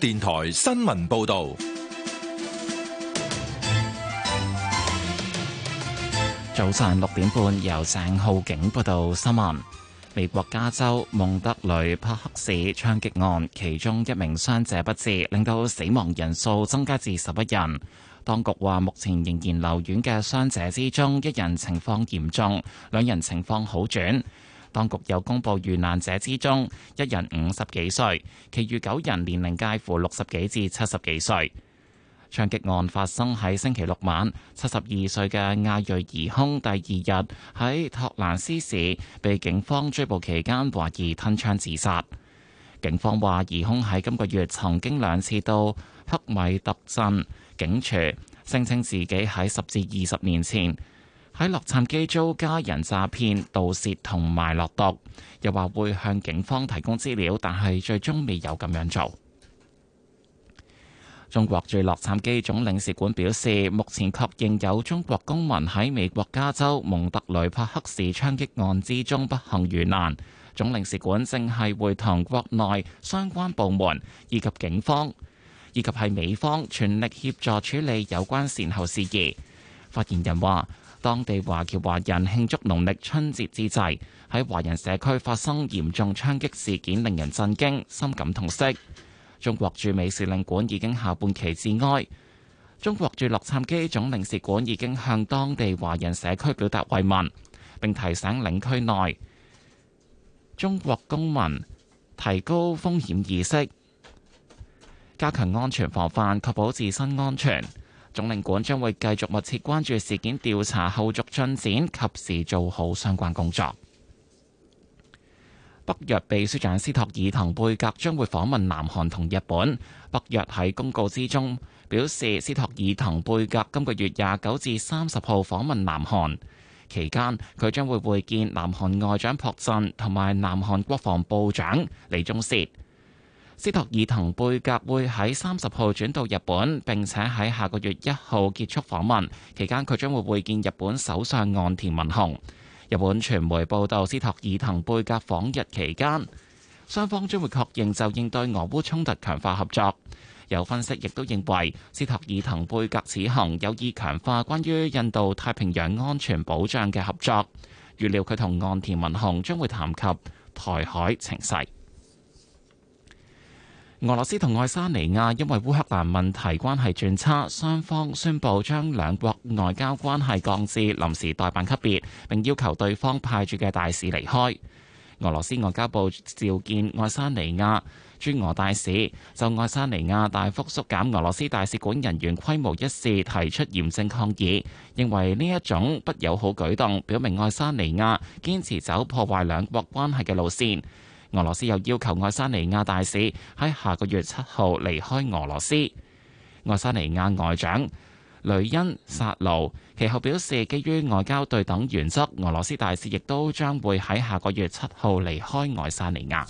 電台新聞報道，早上六點半由鄭浩景報道新聞。美國加州孟德里帕克市槍擊案，其中一名傷者不治，令到死亡人數增加至十一人。當局話，目前仍然留院嘅傷者之中，一人情況嚴重，兩人情況好轉。當局又公布遇難者之中，一人五十幾歲，其餘九人年齡介乎六十幾至七十幾歲。槍擊案發生喺星期六晚，七十二歲嘅亞裔疑兇第二日喺托蘭斯市被警方追捕期間，懷疑吞槍自殺。警方話，疑兇喺今個月曾經兩次到黑米特鎮警署，聲稱自己喺十至二十年前，喺洛杉磯遭家人詐騙、盜竊同埋落毒，又話會向警方提供資料，但係最終未有咁樣做。中國駐洛杉磯總領事館表示，目前確認有中國公民喺美國加州蒙特雷帕克市槍擊案之中不幸遇難。總領事館正係會同國內相關部門以及警方，以及係美方全力協助處理有關善後事宜。發言人話，當地華僑華人慶祝農曆春節之際，喺華人社區發生嚴重槍擊事件，令人震驚，深感痛惜。中國駐美使領館已經下半旗致哀。中國駐洛杉磯總領事館已經向當地華人社區表達慰問，並提醒領區內中國公民提高風險意識，加強安全防範，確保自身安全。總領館將會繼續密切關注事件調查後續進展，及時做好相關工作。北約秘書長斯托爾滕貝格將會訪問南韓同日本。北約喺公告之中表示，斯托爾滕貝格今個月廿九至三十號訪問南韓期間，佢將會會見南韓外長朴振同埋南韓國防部長李鍾燮。斯托爾滕貝格會喺三十號轉到日本，並且喺下個月一號結束訪問。期間，佢將會會見日本首相岸田文雄。日本傳媒報道，斯托爾滕貝格訪日期間，雙方將會確認就應對俄烏衝突強化合作。有分析亦都認為，斯托爾滕貝格此行有意強化關於印度太平洋安全保障嘅合作。預料佢同岸田文雄將會談及台海情勢。俄羅斯同愛沙尼亞因為烏克蘭問題關係轉差，雙方宣布將兩國外交關係降至臨時代辦級別，並要求對方派駐嘅大使離開。俄羅斯外交部召見愛沙尼亞駐俄大使，就愛沙尼亞大幅縮減俄羅斯大使館人員規模一事提出嚴正抗議，認為呢一種不友好舉動，表明愛沙尼亞堅持走破壞兩國關係嘅路線。俄羅斯又要求愛沙尼亞大使喺下個月七號離開俄羅斯。愛沙尼亞外長雷恩薩盧其後表示，基於外交對等原則，俄羅斯大使亦都將會喺下個月七號離開愛沙尼亞。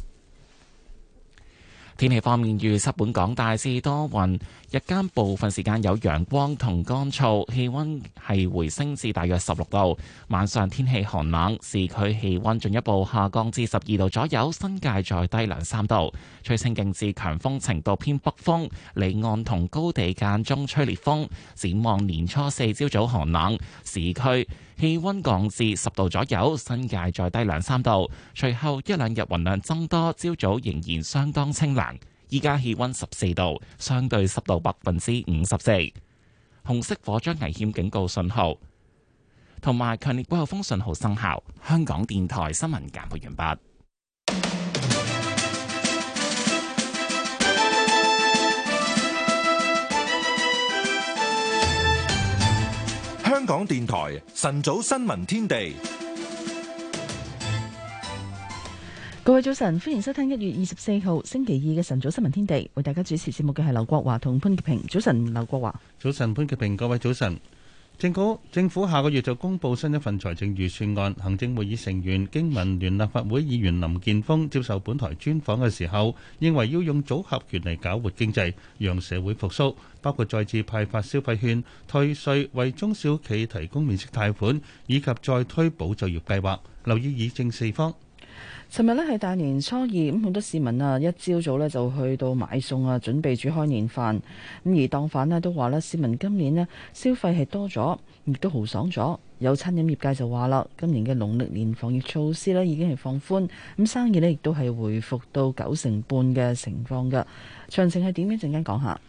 天氣方面，預測本港大致多雲。日間部分時間有陽光同乾燥，氣温係回升至大約十六度。晚上天氣寒冷，市區氣温進一步下降至十二度左右，新界再低兩三度。吹清勁至強風程度，偏北風，離岸同高地間中吹烈風。展望年初四朝早寒冷，市區氣温降至十度左右，新界再低兩三度。隨後一兩日雲量增多，朝早仍然相當清涼。依家氣温十四度，相對濕度百分之五十四，紅色火災危險警告信號，同埋強烈季候風信號生效。香港電台新聞簡報完畢。香港電台晨早新聞天地。各位早晨，歡迎收聽一月二十四號星期二嘅晨早新聞天地。為大家主持節目嘅係劉國華同潘潔平。早晨，劉國華。早晨，潘潔平。各位早晨。政府政府下個月就公布新一份財政預算案。行政會議成員、經民聯立法會議員林健鋒接受本台專訪嘅時候，認為要用組合拳嚟搞活經濟，讓社會復蘇，包括再次派發消費券、退稅，為中小企提供免息貸款，以及再推保就業計劃。留意以正四方。尋日呢係大年初二，咁好多市民啊一朝早呢就去到買餸啊，準備煮開年飯。咁而檔販呢都話呢，市民今年呢消費係多咗，亦都豪爽咗。有餐飲業界就話啦，今年嘅農曆年防疫措施呢已經係放寬，咁生意呢亦都係恢復到九成半嘅情況㗎。詳情係點樣？陣間講下。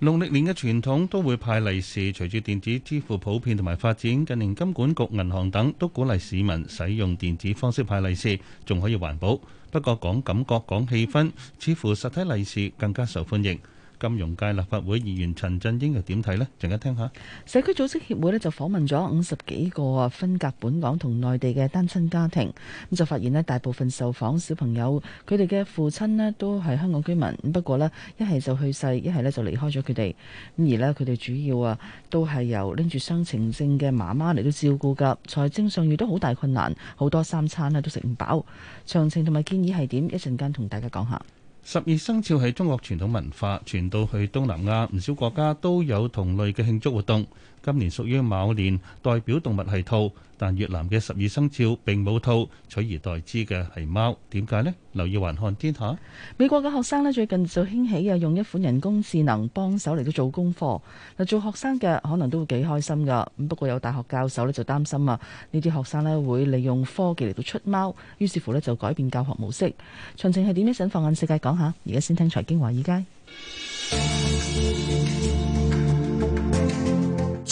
農曆年嘅傳統都會派利是，隨住電子支付普遍同埋發展，近年金管局、銀行等都鼓勵市民使用電子方式派利是，仲可以環保。不過講感覺、講氣氛，似乎實體利是更加受歡迎。金融界立法會議員陳振英又點睇呢？陣間聽下。社區組織協會呢，就訪問咗五十幾個啊分隔本港同內地嘅單親家庭，咁就發現呢，大部分受訪小朋友佢哋嘅父親呢，都係香港居民，不過呢，一係就去世，一係呢就離開咗佢哋。咁而呢，佢哋主要啊都係由拎住雙程證嘅媽媽嚟到照顧㗎，財政上遇到好大困難，好多三餐呢都食唔飽。詳情同埋建議係點？一陣間同大家講下。十二生肖係中國傳統文化，傳到去東南亞，唔少國家都有同類嘅慶祝活動。今年屬於卯年，代表動物係兔，但越南嘅十二生肖並冇兔，取而代之嘅係貓。點解呢？留意環看天下。美國嘅學生呢，最近就興起嘅用一款人工智能幫手嚟到做功課。嗱，做學生嘅可能都會幾開心㗎。咁不過有大學教授呢，就擔心啊，呢啲學生呢會利用科技嚟到出貓，於是乎呢就改變教學模式。詳情係點樣？想放眼世界講下。而家先聽財經華爾街。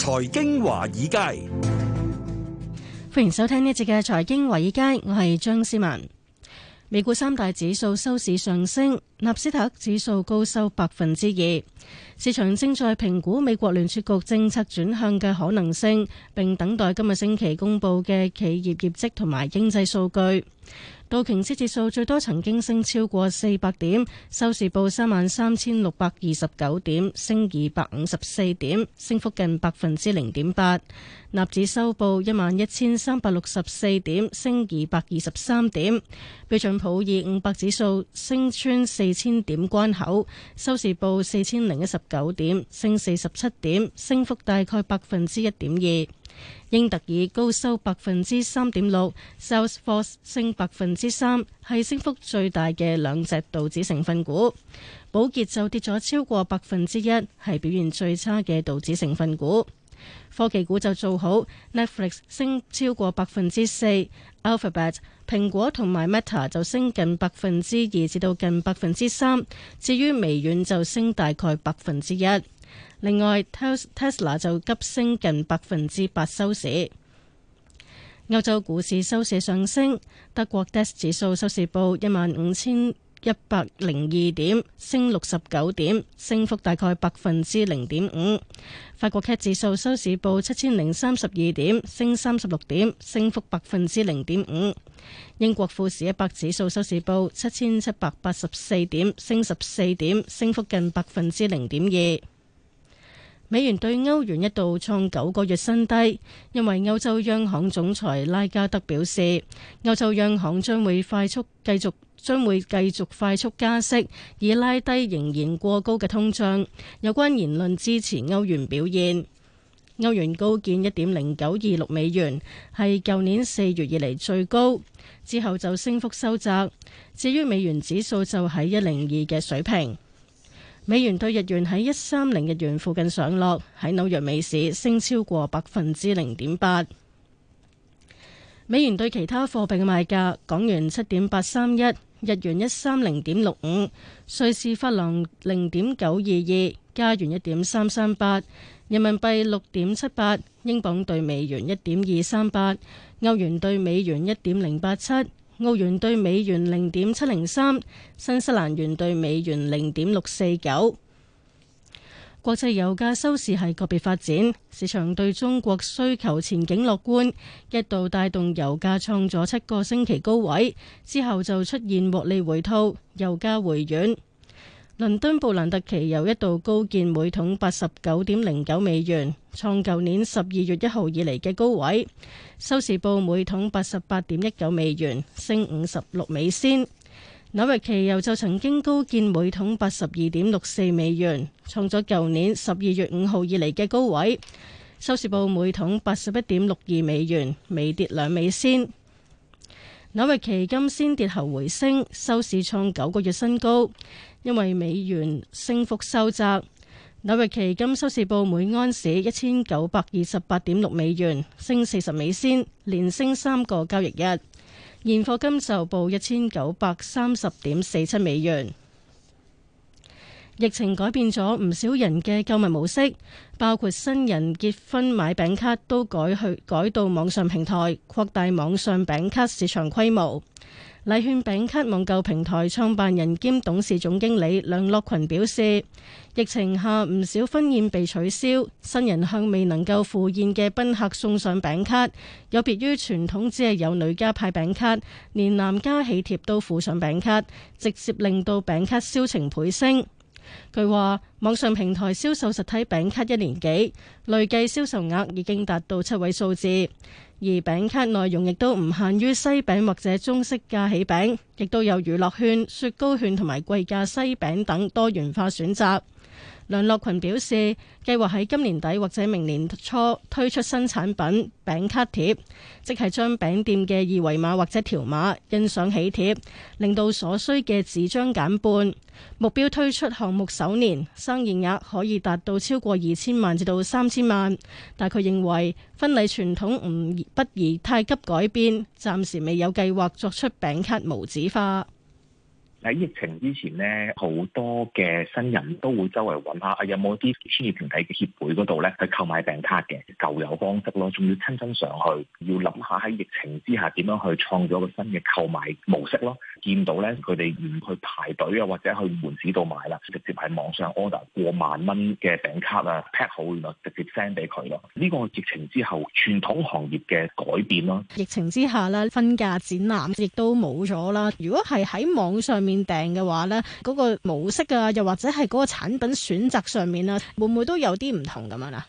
財經華爾街，歡迎收聽呢一節嘅財經華爾街，我係張思文。美股三大指數收市上升，納斯達克指數高收百分之二。市場正在評估美國聯儲局政策轉向嘅可能性，並等待今個星期公布嘅企業業績同埋經濟數據。道瓊斯指數最多曾經升超過四百點，收市報三萬三千六百二十九點，升二百五十四點，升幅近百分之零點八。納指收報一萬一千三百六十四點，升二百二十三點。標準普爾五百指數升穿四千點關口，收市報四千零一十九點，升四十七點，升幅大概百分之一點二。英特爾高收百分之三點六，Salesforce 升百分之三，係升幅最大嘅兩隻道指成分股。寶潔就跌咗超過百分之一，係表現最差嘅道指成分股。科技股就做好，Netflix 升超過百分之四，Alphabet、蘋果同埋 Meta 就升近百分之二至到近百分之三。至於微軟就升大概百分之一。另外，Tesla 就急升近百分之八收市。歐洲股市收市上升，德國 DAX 指數收市報一萬五千一百零二點，升六十九點，升幅大概百分之零點五。法國 CAC 指數收市報七千零三十二點，升三十六點，升幅百分之零點五。英國富時一百指數收市報七千七百八十四點，升十四點，升幅近百分之零點二。美元對歐元一度創九個月新低，因為歐洲央行總裁拉加德表示，歐洲央行將會快速繼續將會繼續快速加息，以拉低仍然過高嘅通脹。有關言論支持歐元表現，歐元高見一點零九二六美元，係舊年四月以嚟最高，之後就升幅收窄。至於美元指數就喺一零二嘅水平。美元兌日元喺一三零日元附近上落，喺紐約美市升超過百分之零點八。美元對其他貨幣嘅賣價：港元七點八三一，日元一三零點六五，瑞士法郎零點九二二，加元一點三三八，人民幣六點七八，英鎊對美元一點二三八，歐元對美元一點零八七。澳元兌美元零點七零三，新西蘭元兌美元零點六四九。國際油價收市係個別發展，市場對中國需求前景樂觀，一度帶動油價創咗七個星期高位，之後就出現獲利回吐，油價回軟。倫敦布蘭特期油一度高見每桶八十九點零九美元，創舊年十二月一號以嚟嘅高位。收市報每桶八十八點一九美元，升五十六美仙。紐約期油就曾經高見每桶八十二點六四美元，創咗舊年十二月五號以嚟嘅高位。收市報每桶八十一點六二美元，微跌兩美仙。紐約期金先跌後回升，收市創九個月新高。因為美元升幅收窄，紐約期金收市報每安士一千九百二十八點六美元，升四十美仙，連升三個交易日。現貨金就報一千九百三十點四七美元。疫情改變咗唔少人嘅購物模式，包括新人結婚買餅卡都改去改到網上平台，擴大網上餅卡市場規模。禮券餅卡網購平台創辦人兼董事總經理梁樂群表示，疫情下唔少婚宴被取消，新人向未能夠赴宴嘅賓客送上餅卡，有別於傳統只係有女家派餅卡，連男家喜帖都附上餅卡，直接令到餅卡銷情倍升。佢話，網上平台銷售實體餅卡一年幾，累計銷售額已經達到七位數字。而餅卡內容亦都唔限於西餅或者中式架起餅，亦都有娛樂券、雪糕券同埋貴價西餅等多元化選擇。梁樂群表示，計劃喺今年底或者明年初推出新產品餅卡貼，即係將餅店嘅二維碼或者條碼印上喜帖，令到所需嘅紙張減半。目標推出項目首年生意額可以達到超過二千萬至到三千萬。但佢認為婚禮傳統唔不宜，不宜，不宜太急改變，暫時未有計劃作出餅卡無紙化。喺疫情之前咧，好多嘅新人都會周圍揾下，啊、有冇啲專業團體嘅協會嗰度咧去購買餅卡嘅舊有方式咯，仲要親身上去，要諗下喺疫情之下點樣去創造個新嘅購買模式咯。見到咧佢哋唔去排隊啊，或者去門市度買啦，直接喺網上 order 過萬蚊嘅餅卡啊，pack 好然後直接 send 俾佢咯。呢、這個疫情之後傳統行業嘅改變咯。疫情之下咧婚嫁展覽亦都冇咗啦。如果係喺網上面，定嘅話咧，嗰個模式啊，又或者係嗰個產品選擇上面啊，會唔會都有啲唔同咁樣啊？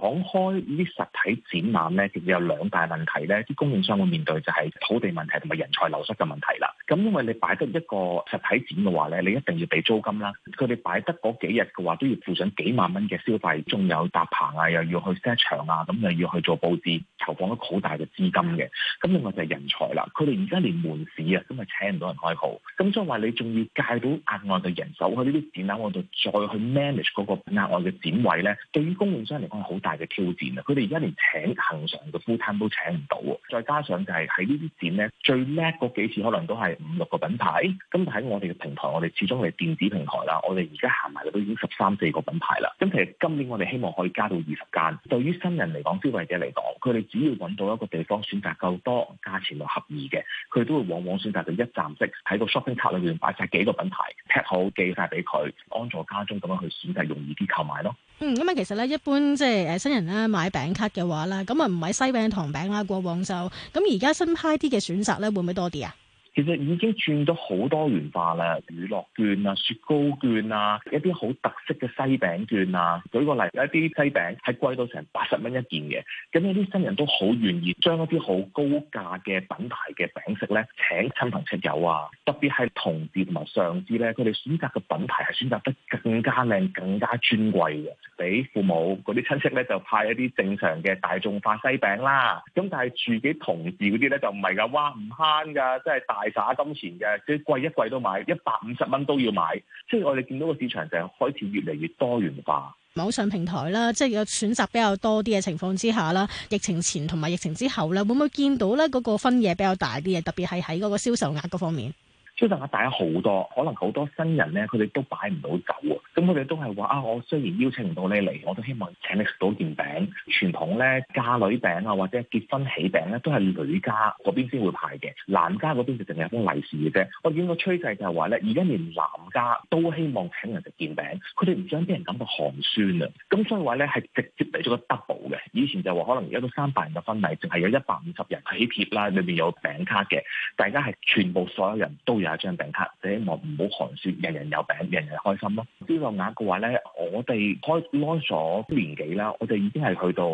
講開呢啲實體展覽呢，其實有兩大問題呢啲供應商會面對，就係土地問題同埋人才流失嘅問題啦。咁因為你擺得一個實體展嘅話呢，你一定要俾租金啦。佢哋擺得嗰幾日嘅話，都要付上幾萬蚊嘅消費，仲有搭棚啊，又要去 set 場啊，咁又要去做佈置，投放咗好大嘅資金嘅。咁另外就係人才啦，佢哋而家連門市啊，咁咪請唔到人開鋪。咁所以話你仲要介到額外嘅人手去呢啲展覽嗰度，再去 manage 嗰個額外嘅展位呢，對於供應商嚟講係好大嘅挑戰啊！佢哋而家連請恆常嘅 full time 都請唔到喎，再加上就係喺呢啲展呢，最叻嗰幾次可能都係五六個品牌。咁喺我哋嘅平台，我哋始終係電子平台啦。我哋而家行埋嚟都已經十三四個品牌啦。咁其實今年我哋希望可以加到二十間。對於新人嚟講、消費者嚟講，佢哋只要揾到一個地方選擇夠多、價錢又合意嘅，佢哋都會往往選擇到一站式喺個 shopping cart 裏邊擺曬幾個品牌 pick 好寄晒俾佢，安坐家中咁樣去選擇，容易啲購買咯。嗯，咁啊，其實咧，一般即係誒新人咧買餅卡嘅話咧，咁啊唔係西餅、糖餅啦，過往就咁而家新派啲嘅選擇咧，會唔會多啲啊？其實已經轉咗好多元化啦，娛樂券啊、雪糕券啊、一啲好特色嘅西餅券啊，舉個例，一啲西餅係貴到成八十蚊一件嘅，咁有啲新人都好願意將一啲好高價嘅品牌嘅餅食咧請親朋戚友啊，特別係同事同埋上司咧，佢哋選擇嘅品牌係選擇得更加靚、更加尊貴嘅，俾父母嗰啲親戚咧就派一啲正常嘅大眾化西餅啦，咁但係自己同事嗰啲咧就唔係㗎，哇唔慳㗎，即係大。係耍金錢嘅，佢係貴一貴都買一百五十蚊都要買，即係我哋見到個市場就係開始越嚟越多元化，網上平台啦，即係有選擇比較多啲嘅情況之下啦。疫情前同埋疫情之後咧，會唔會見到咧嗰個分野比較大啲嘅？特別係喺嗰個銷售額嗰方面。超值額大咗好多，可能好多新人咧，佢哋都擺唔到酒啊。咁佢哋都係話啊，我雖然邀請唔到你嚟，我都希望請你食到件餅。傳統咧嫁女餅啊，或者結婚喜餅咧，啊，都係女家嗰邊先會派嘅，男家嗰邊就淨係封利是嘅啫。我見個趨勢就係話咧，而家連男家都希望請人食件餅，佢哋唔想啲人感到寒酸啊。咁所以話咧係直接俾咗個 double 嘅，以前就話可能而家都三百人嘅婚禮，淨係有一百五十人喜帖啦，裏面有餅卡嘅，大家係全部所有人都有。廿張餅卡，希望唔好寒雪，人人有餅，人人開心咯。呢個額嘅話咧，我哋開開咗年幾啦，我哋已經係去到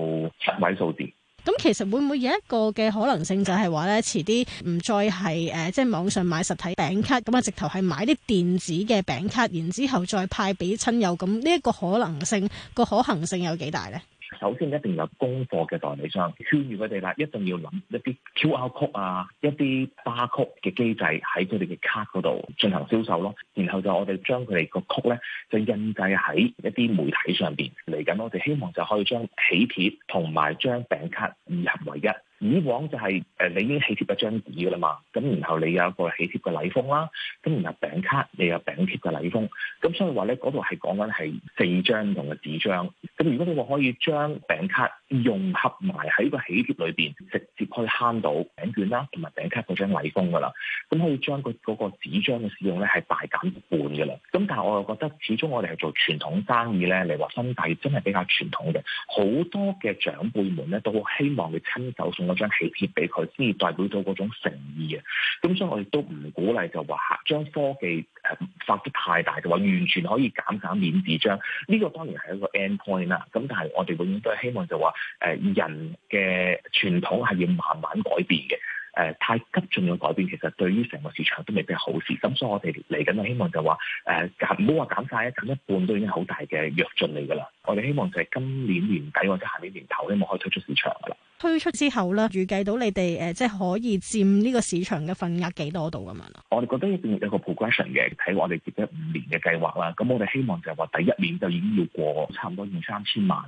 位數字。咁其實會唔會有一個嘅可能性就，就係話咧，遲啲唔再係誒，即係網上買實體餅卡，咁啊，直頭係買啲電子嘅餅卡，然之後再派俾親友咁，呢、這、一個可能性個可行性有幾大咧？首先一定有供貨嘅代理商圈住佢哋啦，一定要諗一啲 QR code 啊，一啲 bar code 嘅機制喺佢哋嘅卡嗰度進行銷售咯。然後就我哋將佢哋個 code 咧就印製喺一啲媒體上邊嚟緊。我哋希望就可以將喜帖同埋將餅卡二合為一。以往就係誒你已經喜帖一張紙噶啦嘛，咁然後你有一個喜帖嘅禮封啦，咁然後餅卡你有餅貼嘅禮封，咁所以話咧嗰度係講緊係四張同嘅紙張，咁如果你話可以將餅卡融合埋喺個喜帖裏邊，直接可以慳到餅券啦同埋餅卡嗰張禮封噶啦，咁可以將個嗰個紙張嘅使用咧係大減一半噶啦，咁但係我又覺得始終我哋係做傳統生意咧你話新幣真係比較傳統嘅，好多嘅長輩們咧都好希望佢親手送。張喜帖俾佢，先至代表到嗰種誠意嘅。咁、嗯、所以我亦都唔鼓勵就話，將科技誒、呃、發得太大嘅話，完全可以減減免紙張。呢、這個當然係一個 end point 啦。咁但係我哋永遠都係希望就話，誒、呃、人嘅傳統係要慢慢改變嘅。誒、呃、太急進嘅改變，其實對於成個市場都未必係好事。咁、嗯、所以我哋嚟緊就希望就話，誒唔好話減晒，減一半都已經好大嘅躍進嚟噶啦。我哋希望就係今年年底或者下年年頭咧，望可以推出市場噶啦。推出之後咧，預計到你哋誒、呃，即係可以佔呢個市場嘅份額幾多度咁樣啊？我哋覺得一定有個 progression 嘅，睇我哋接咗五年嘅計劃啦。咁我哋希望就係話第一年就已經要過差唔多二三千萬。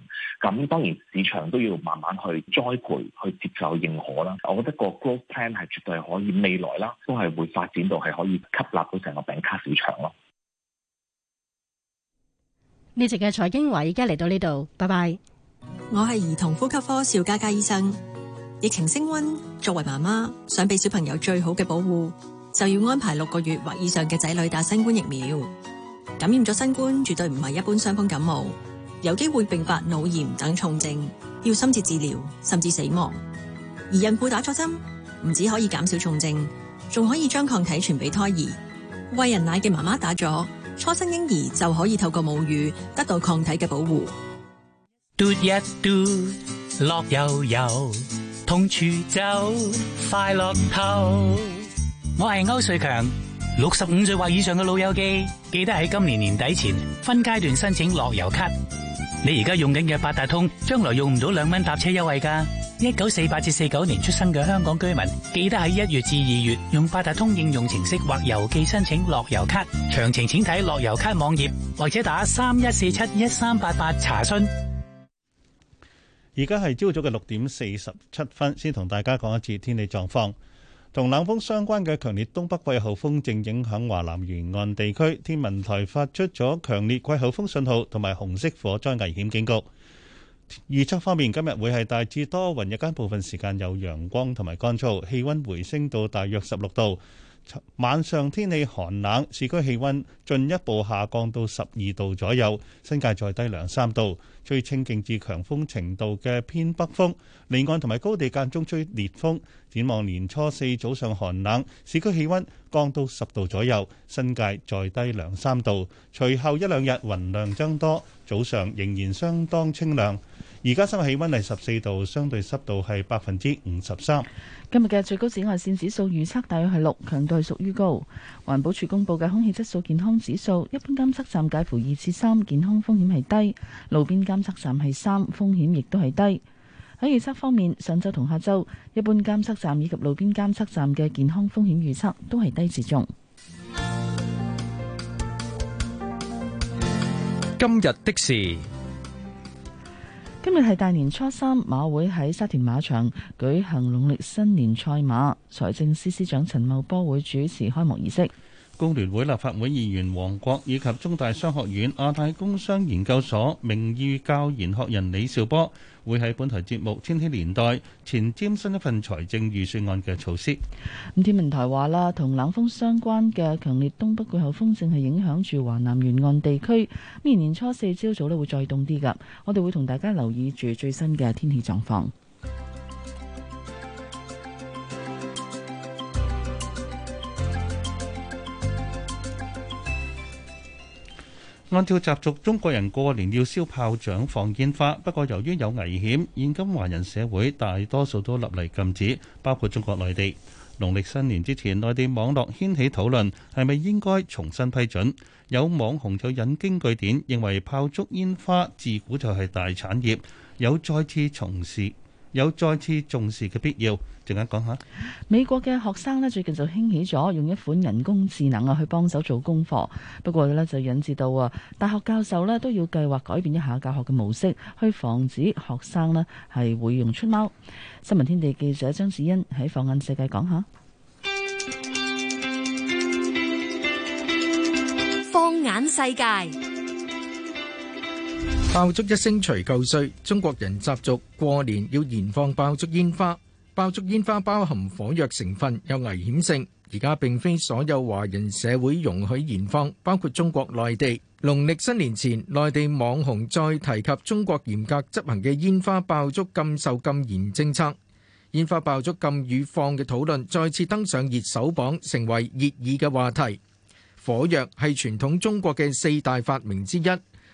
咁當然市場都要慢慢去栽培、去接受、認可啦。我覺得個 growth plan 係絕對係可以未來啦，都係會發展到係可以吸納到成個餅卡市場咯。呢集嘅財經話，而家嚟到呢度，拜拜。我係兒童呼吸科邵嘉嘉醫生。疫情升溫，作為媽媽，想俾小朋友最好嘅保護，就要安排六個月或以上嘅仔女打新冠疫苗。感染咗新冠，絕對唔係一般傷風感冒，有機會併發腦炎等重症，要深切治療，甚至死亡。而孕婦打咗針，唔止可以減少重症，仲可以將抗體傳俾胎兒。餵人奶嘅媽媽打咗。初生嬰兒就可以透過母乳得到抗體嘅保護。嘟一嘟，o 樂悠悠，同處就快樂透。我係歐瑞強，六十五歲或以上嘅老友記，記得喺今年年底前分階段申請樂悠卡。你而家用緊嘅八達通，將來用唔到兩蚊搭車優惠噶。一九四八至四九年出生嘅香港居民，記得喺一月至二月用八達通應用程式或郵寄申請樂悠咭。詳情請睇樂悠咭網頁或者打三一四七一三八八查詢。而家係朝早嘅六點四十七分，先同大家講一次天氣狀況。同冷風相關嘅強烈東北季候風正影響華南沿岸地區，天文台發出咗強烈季候風信號同埋紅色火災危險警告。預測方面，今日會係大致多雲，日間部分時間有陽光同埋乾燥，氣温回升到大約十六度。晚上天氣寒冷，市區氣温進一步下降到十二度左右，新界再低兩三度，吹清勁至強風程度嘅偏北風，離岸同埋高地間中吹烈風。展望年初四早上寒冷，市區氣温降到十度左右，新界再低兩三度。隨後一兩日雲量增多，早上仍然相當清涼。而家室外氣溫係十四度，相對濕度係百分之五十三。今日嘅最高紫外綫指數預測大約係六，強度係屬於高。環保署公布嘅空氣質素健康指數，一般監測站介乎二至三，健康風險係低；路邊監測站係三，風險亦都係低。喺預測方面，上周同下周，一般監測站以及路邊監測站嘅健康風險預測都係低至中。今日的事。今日係大年初三，馬會喺沙田馬場舉行農曆新年賽馬。財政司司長陳茂波會主持開幕儀式。工聯會立法會議員黃國，以及中大商學院亞太工商研究所名譽教研學人李兆波。會喺本台節目《天天年代》前瞻新一份財政預算案嘅措施。咁、嗯、天文台話啦，同冷鋒相關嘅強烈東北季候風正係影響住華南沿岸地區。明年初四朝早咧會再凍啲噶，我哋會同大家留意住最新嘅天氣狀況。按照習俗，中國人過年要燒炮仗、放煙花。不過，由於有危險，現今華人社會大多數都立例禁止，包括中國內地。農曆新年之前，內地網絡掀起討論，係咪應該重新批准？有網紅就引經據典，認為炮竹煙花自古就係大產業，有再次重視。有再次重視嘅必要，陣間講下。美國嘅學生咧最近就興起咗用一款人工智能啊去幫手做功課，不過咧就引致到啊大學教授咧都要計劃改變一下教學嘅模式，去防止學生咧係會用出貓。新聞天地記者張子欣喺放眼世界講下。放眼世界。爆竹一聲除舊歲，中國人習俗過年要燃放爆竹煙花。爆竹煙花包含火藥成分，有危險性。而家並非所有華人社會容許燃放，包括中國內地。農曆新年前，內地網紅再提及中國嚴格執行嘅「煙花爆竹禁售禁燃」政策。「煙花爆竹禁與放」嘅討論再次登上熱搜榜，成為熱議嘅話題。火藥係傳統中國嘅四大發明之一。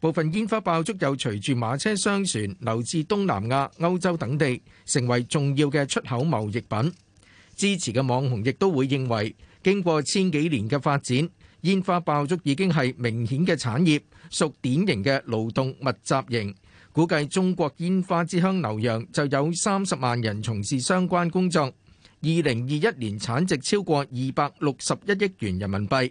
部分煙花爆竹又隨住馬車商船流至東南亞、歐洲等地，成為重要嘅出口貿易品。支持嘅網紅亦都會認為，經過千幾年嘅發展，煙花爆竹已經係明顯嘅產業，屬典型嘅勞動密集型。估計中國煙花之鄉瀏陽就有三十萬人從事相關工作，二零二一年產值超過二百六十一億元人民幣。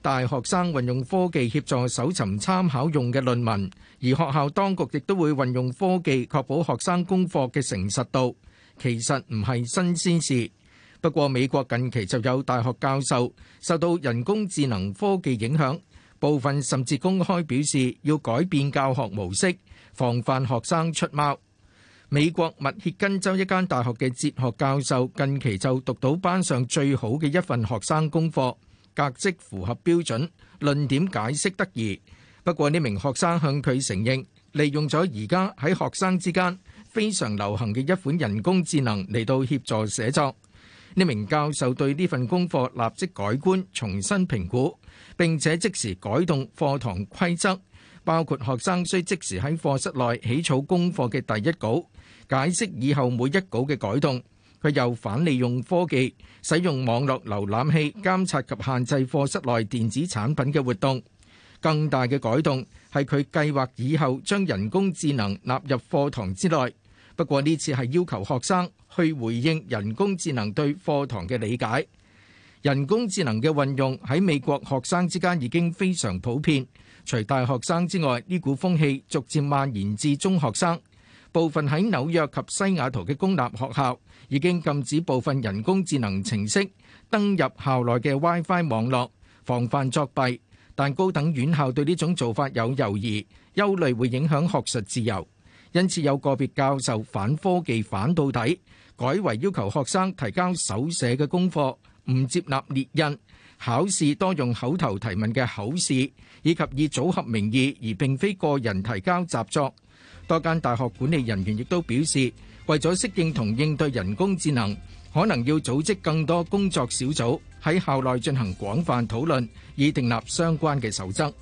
大學生運用科技協助搜尋參考用嘅論文，而學校當局亦都會運用科技確保學生功課嘅誠實度。其實唔係新鮮事，不過美國近期就有大學教授受到人工智能科技影響，部分甚至公開表示要改變教學模式，防範學生出貓。美國密歇根州一間大學嘅哲學教授近期就讀到班上最好嘅一份學生功課。格即符合標準，論點解釋得宜。不過呢名學生向佢承認，利用咗而家喺學生之間非常流行嘅一款人工智能嚟到協助寫作。呢名教授對呢份功課立即改觀，重新評估，並且即時改動課堂規則，包括學生需即時喺課室內起草功課嘅第一稿，解釋以後每一稿嘅改動。佢又反利用科技，使用網絡瀏覽器監察及限制課室內電子產品嘅活動。更大嘅改動係佢計劃以後將人工智能納入課堂之內。不過呢次係要求學生去回應人工智能對課堂嘅理解。人工智能嘅運用喺美國學生之間已經非常普遍，除大學生之外，呢股風氣逐漸蔓延至中學生。部分喺紐約及西雅圖嘅公立學校。已經禁止部分人工智能程式登入校內嘅 WiFi 網絡，防範作弊。但高等院校對呢種做法有猶疑，憂慮會影響學術自由。因此有個別教授反科技反到底，改為要求學生提交手寫嘅功課，唔接納列印。考試多用口頭提問嘅口試，以及以組合名義而並非個人提交習作。多間大學管理人員亦都表示，為咗適應同應對人工智能，可能要組織更多工作小組喺校內進行廣泛討論，以訂立相關嘅守則。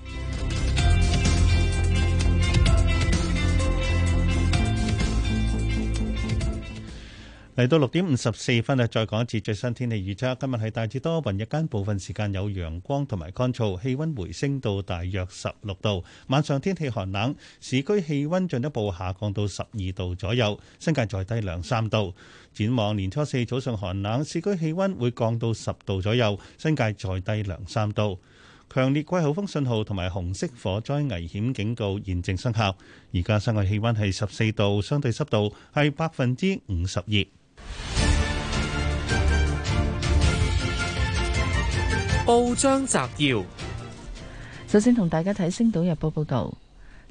嚟到六點五十四分啊！再講一次最新天氣預測。今日係大致多雲，日間部分時間有陽光同埋乾燥，氣温回升到大約十六度。晚上天氣寒冷，市區氣温進一步下降到十二度左右，新界再低兩三度。展望年初四早上寒冷，市區氣温會降到十度左右，新界再低兩三度。強烈季候風信號同埋紅色火災危險警告現正生效。而家室外氣温係十四度，相對濕度係百分之五十二。報章摘要，首先同大家睇《星島日報，報》報道，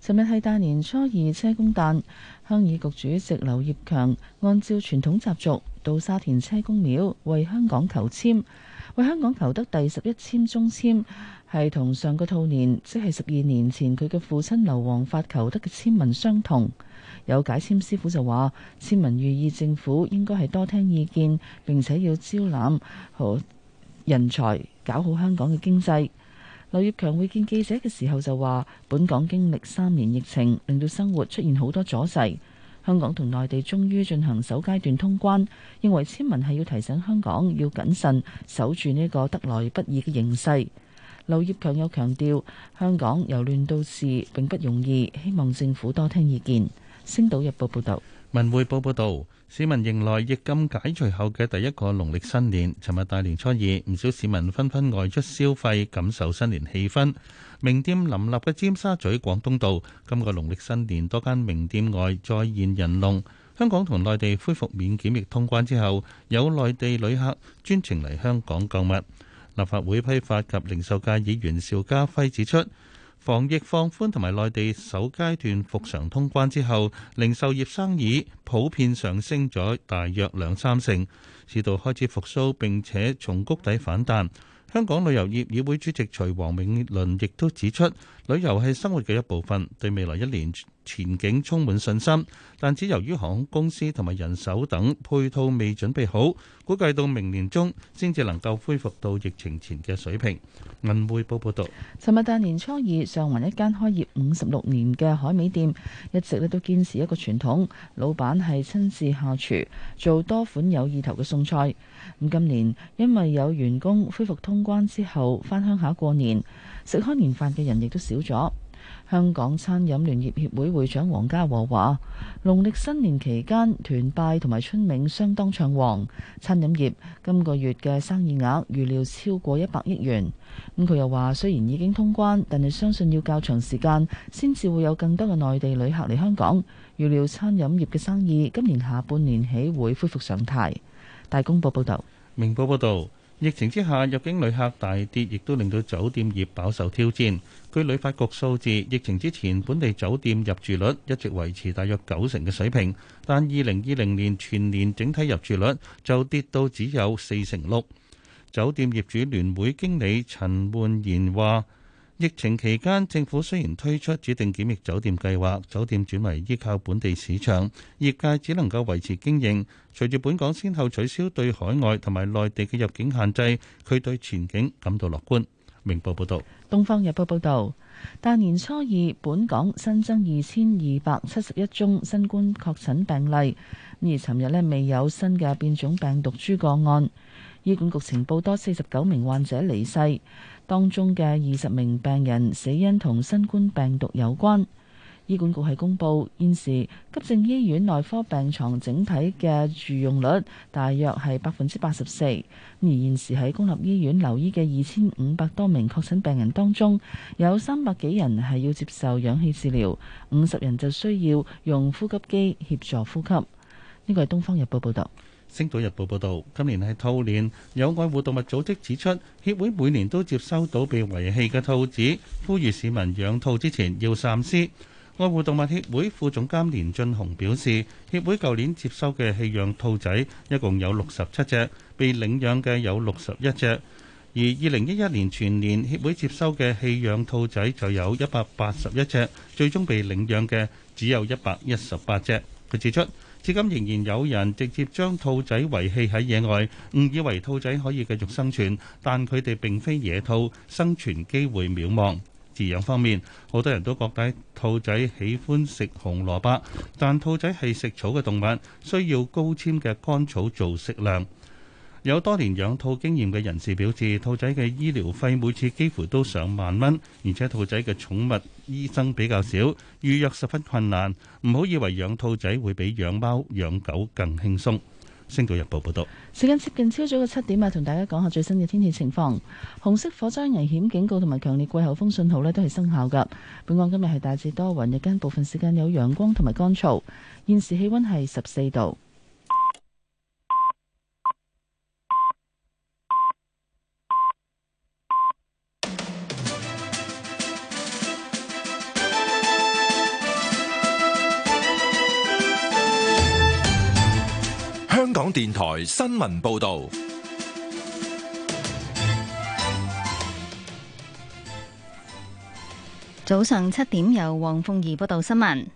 尋日係大年初二車彈，車公誕，鄉議局主席劉業強按照傳統習俗到沙田車公廟為香港求簽，為香港求得第十一簽中簽，係同上個兔年，即係十二年前佢嘅父親劉皇發求得嘅簽文相同。有解簽師傅就話，簽文寓意政府應該係多聽意見，並且要招攬好人才。搞好香港嘅經濟，劉業強會見記者嘅時候就話，本港經歷三年疫情，令到生活出現好多阻滯，香港同內地終於進行首階段通關，認為簽文係要提醒香港要謹慎，守住呢個得來不易嘅形勢。劉業強又強調香港由亂到治並不容易，希望政府多聽意見。星島日報報道，文匯報報道。市民迎來疫禁解除後嘅第一個農曆新年，尋日大年初二，唔少市民紛紛外出消費，感受新年氣氛。名店林立嘅尖沙咀廣東道，今個農曆新年多間名店外再現人龍。香港同內地恢復免檢疫通關之後，有內地旅客專程嚟香港購物。立法會批發及零售界議員邵家輝指出，防疫放寬同埋內地首階段復常通關之後，零售業生意普遍上升咗大約兩三成，市道開始復甦，並且從谷底反彈。香港旅遊業議會主席徐黃永倫亦都指出，旅遊係生活嘅一部分，對未來一年前景充滿信心，但只由於航空公司同埋人手等配套未準備好，估計到明年中先至能夠恢復到疫情前嘅水平。《文匯報》報道，尋日大年初二，上環一間開業五十六年嘅海味店，一直嚟都堅持一個傳統，老闆係親自下廚，做多款有意頭嘅餸菜。咁今年因為有員工恢復通關之後返鄉下過年，食開年飯嘅人亦都少咗。香港餐飲聯業協會會長黃家和話，農曆新年期間團拜同埋春茗相當暢旺，餐飲業今個月嘅生意額預料超過一百億元。咁、嗯、佢又話：雖然已經通關，但係相信要較長時間先至會有更多嘅內地旅客嚟香港。預料餐飲業嘅生意今年下半年起會恢復上態。大公報報導，明報報導，疫情之下入境旅客大跌，亦都令到酒店業飽受挑戰。據旅發局數字，疫情之前本地酒店入住率一直維持大約九成嘅水平，但二零二零年全年整體入住率就跌到只有四成六。酒店業主聯會經理陳煥然話。疫情期間，政府雖然推出指定檢疫酒店計劃，酒店轉為依靠本地市場，業界只能夠維持經營。隨住本港先後取消對海外同埋內地嘅入境限制，佢對前景感到樂觀。明報報道。東方日報報道，大年初二本港新增二千二百七十一宗新冠確診病例，而尋日呢未有新嘅變種病毒株個案。醫管局呈報多四十九名患者離世。當中嘅二十名病人死因同新冠病毒有關。醫管局係公布，現時急症醫院內科病床整體嘅住用率大約係百分之八十四。而現時喺公立醫院留醫嘅二千五百多名確診病人當中，有三百幾人係要接受氧氣治療，五十人就需要用呼吸機協助呼吸。呢個係東方日報報道。星島日報報導，今年係兔年，有愛護動物組織指出，協會每年都接收到被遺棄嘅兔子，呼籲市民養兔之前要三思。愛護動物協會副總監連俊雄表示，協會舊年接收嘅棄養兔仔一共有六十七隻，被領養嘅有六十一隻，而二零一一年全年協會接收嘅棄養兔仔就有一百八十一隻，最終被領養嘅只有一百一十八隻。佢指出，至今仍然有人直接將兔仔遺棄喺野外，誤以為兔仔可以繼續生存，但佢哋並非野兔，生存機會渺茫。飼養方面，好多人都覺得兔仔喜歡食紅蘿蔔，但兔仔係食草嘅動物，需要高纖嘅乾草做食糧。有多年養兔經驗嘅人士表示，兔仔嘅醫療費每次幾乎都上萬蚊，而且兔仔嘅寵物醫生比較少，預約十分困難。唔好以為養兔仔會比養貓養狗更輕鬆。星島日報報道：「時間接近朝早嘅七點啊，同大家講下最新嘅天氣情況。紅色火災危險警告同埋強烈季候風信號呢，都係生效㗎。」本港今日係大致多雲，日間部分時間有陽光同埋乾燥。現時氣温係十四度。香港電台新聞報道，早上七點由黃鳳儀報道新聞。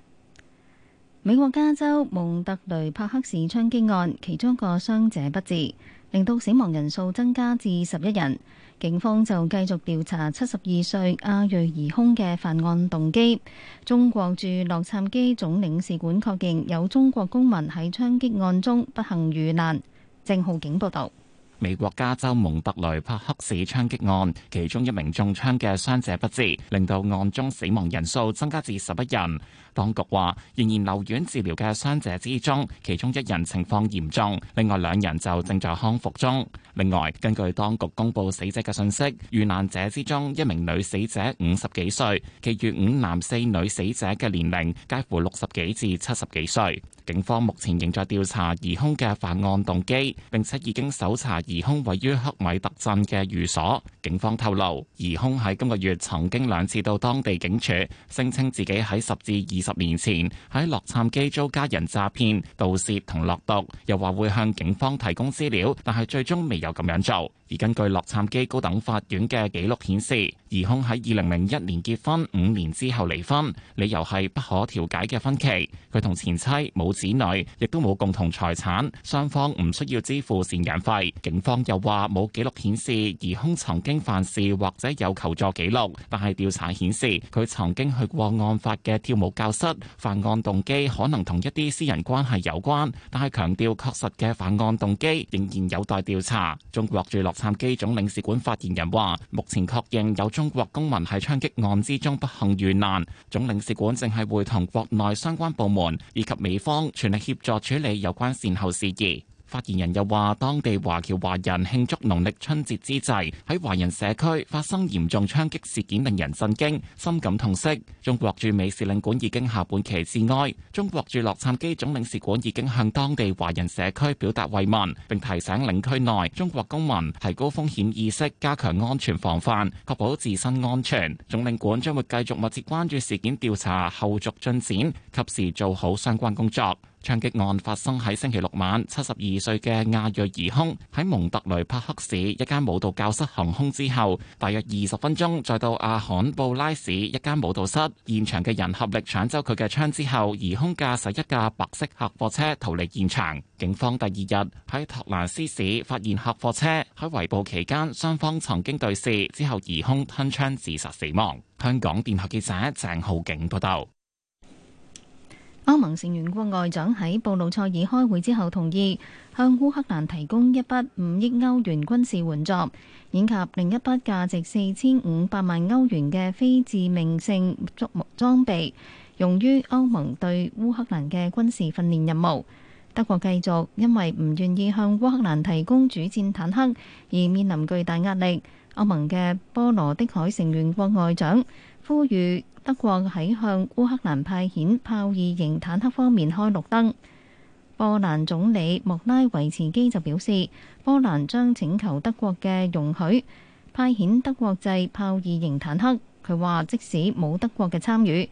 美國加州蒙特雷帕克市槍擊案，其中一個傷者不治，令到死亡人數增加至十一人。警方就繼續調查七十二歲阿瑞疑兇嘅犯案動機。中國駐洛杉磯總領事館確認有中國公民喺槍擊案中不幸遇難。鄭浩景報道：美國加州蒙特雷帕克市槍擊案，其中一名中槍嘅傷者不治，令到案中死亡人數增加至十一人。當局話，仍然留院治療嘅傷者之中，其中一人情況嚴重，另外兩人就正在康復中。另外，根據當局公布死者嘅信息，遇難者之中一名女死者五十幾歲，其餘五男四女死者嘅年齡介乎六十幾至七十幾歲。警方目前仍在調查疑兇嘅犯案動機，並且已經搜查疑兇位於克米特鎮嘅寓所。警方透露，疑兇喺今個月曾經兩次到當地警署，聲稱自己喺十至二二十年前喺洛杉磯遭家人詐騙、盜竊同落毒，又話會向警方提供資料，但係最終未有咁樣做。而根據洛杉磯高等法院嘅記錄顯示，疑兇喺二零零一年結婚五年之後離婚，理由係不可調解嘅分歧。佢同前妻冇子女，亦都冇共同財產，雙方唔需要支付贍養費。警方又話冇記錄顯示疑兇曾經犯事或者有求助記錄，但係調查顯示佢曾經去過案發嘅跳舞教室。犯案動機可能同一啲私人關係有關，但係強調確實嘅犯案動機仍然有待調查。中國駐洛洛杉磯總領事館發言人話，目前確認有中國公民喺槍擊案之中不幸遇難，總領事館正係會同國內相關部門以及美方全力協助處理有關善後事宜。發言人又話，當地華僑華人慶祝農曆春節之際，喺華人社區發生嚴重槍擊事件，令人震驚，深感痛惜。中國駐美使領館已經下半旗致哀，中國駐洛杉磯總領事館已經向當地華人社區表達慰問，並提醒領區內中國公民提高風險意識，加強安全防範，確保自身安全。總領館將會繼續密切關注事件調查後續進展，及時做好相關工作。槍擊案發生喺星期六晚，七十二歲嘅亞裔疑凶喺蒙特雷帕克市一間舞蹈教室行凶之後，大約二十分鐘，再到阿罕布拉市一間舞蹈室，現場嘅人合力搶走佢嘅槍之後，疑凶駕駛一架白色客貨車逃離現場。警方第二日喺托蘭斯市發現客貨車，喺圍捕期間，雙方曾經對峙之後，疑凶吞槍自殺死亡。香港電台記者鄭浩景報道。歐盟成員國外長喺布魯塞爾開會之後，同意向烏克蘭提供一筆五億歐元軍事援助，以及另一筆價值四千五百萬歐元嘅非致命性裝備，用於歐盟對烏克蘭嘅軍事訓練任務。德國繼續因為唔願意向烏克蘭提供主戰坦克而面臨巨大壓力。歐盟嘅波羅的海成員國外長呼籲。德國喺向烏克蘭派遣豹二型坦克方面開綠燈。波蘭總理莫拉維茨基就表示，波蘭將請求德國嘅容許，派遣德國製豹二型坦克。佢話，即使冇德國嘅參與。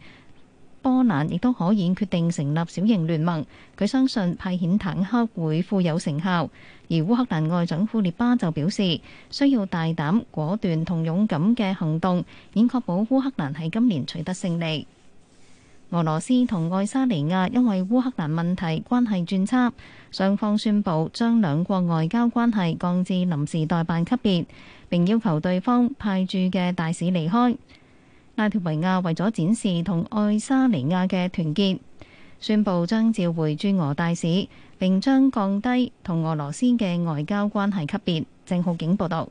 波蘭亦都可以決定成立小型聯盟。佢相信派遣坦克會富有成效。而烏克蘭外長庫列巴就表示，需要大膽、果斷同勇敢嘅行動，以確保烏克蘭喺今年取得勝利。俄羅斯同愛沙尼亞因為烏克蘭問題關係轉差，雙方宣布將兩國外交關係降至臨時代辦級別，並要求對方派駐嘅大使離開。拉脫維亞為咗展示同愛沙尼亞嘅團結，宣布將召回駐俄大使，並將降低同俄羅斯嘅外交關係級別。鄭浩景報道。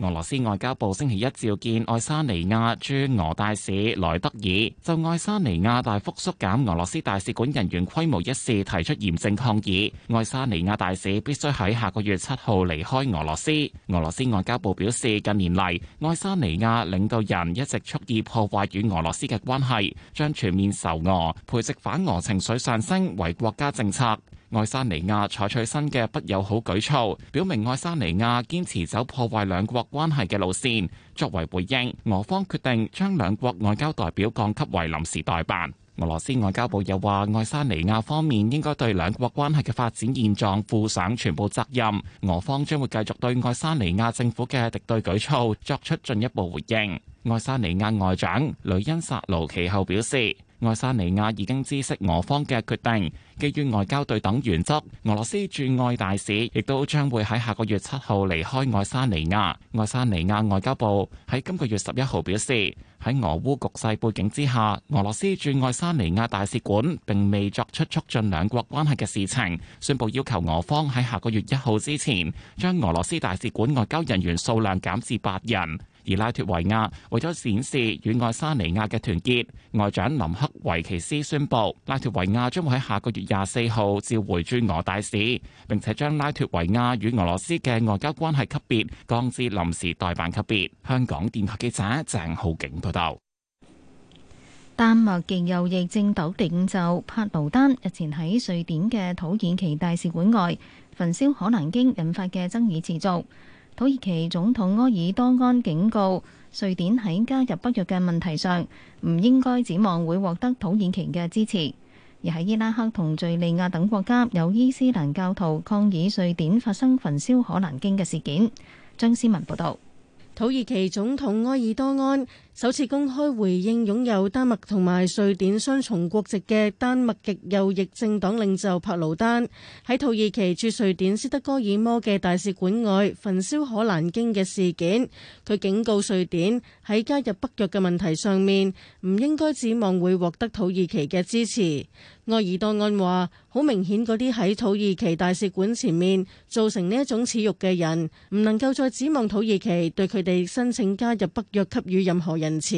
俄羅斯外交部星期一召見愛沙尼亞駐俄大使萊德爾，就愛沙尼亞大幅縮減俄羅斯大使館人員規模一事提出嚴正抗議。愛沙尼亞大使必須喺下個月七號離開俄羅斯。俄羅斯外交部表示，近年嚟愛沙尼亞領導人一直蓄意破壞與俄羅斯嘅關係，將全面仇俄、培植反俄情緒上升為國家政策。愛沙尼亞採取新嘅不友好舉措，表明愛沙尼亞堅持走破壞兩國關係嘅路線。作為回應，俄方決定將兩國外交代表降級為臨時代辦。俄羅斯外交部又話：愛沙尼亞方面應該對兩國關係嘅發展現狀負上全部責任。俄方將會繼續對愛沙尼亞政府嘅敵對舉措作出進一步回應。愛沙尼亞外長呂恩薩盧其後表示。愛沙尼亞已經知悉俄方嘅決定，基於外交對等原則，俄羅斯駐愛大使亦都將會喺下個月七號離開愛沙尼亞。愛沙尼亞外交部喺今個月十一號表示，喺俄烏局勢背景之下，俄羅斯駐愛沙尼亞大使館並未作出促進兩國關係嘅事情，宣布要求俄方喺下個月一號之前將俄羅斯大使館外交人員數量減至八人。而拉脫維亞為咗展示與愛沙尼亞嘅團結，外長林克維奇斯宣布，拉脫維亞將會喺下個月廿四號召回駐俄大使，並且將拉脫維亞與俄羅斯嘅外交關係級別降至臨時代辦級別。香港電台記者鄭浩景報道。丹麥極右翼政黨領袖帕勞丹日前喺瑞典嘅土耳其大使館外焚燒可蘭經引發嘅爭議持續。土耳其總統埃爾多安警告，瑞典喺加入北約嘅問題上唔應該指望會獲得土耳其嘅支持。而喺伊拉克同敘利亞等國家，有伊斯蘭教徒抗議瑞典發生焚燒可蘭經嘅事件。張思文報道。土耳其總統埃爾多安首次公開回應擁有丹麥同埋瑞典雙重國籍嘅丹麥極右翼政黨領袖帕魯丹，喺土耳其駐瑞典斯德哥爾摩嘅大使館外焚燒可蘭經嘅事件，佢警告瑞典喺加入北約嘅問題上面唔應該指望會獲得土耳其嘅支持。埃爾多安話，好明顯嗰啲喺土耳其大使館前面造成呢一種恥辱嘅人，唔能夠再指望土耳其對佢哋申請加入北約給予任何仁慈。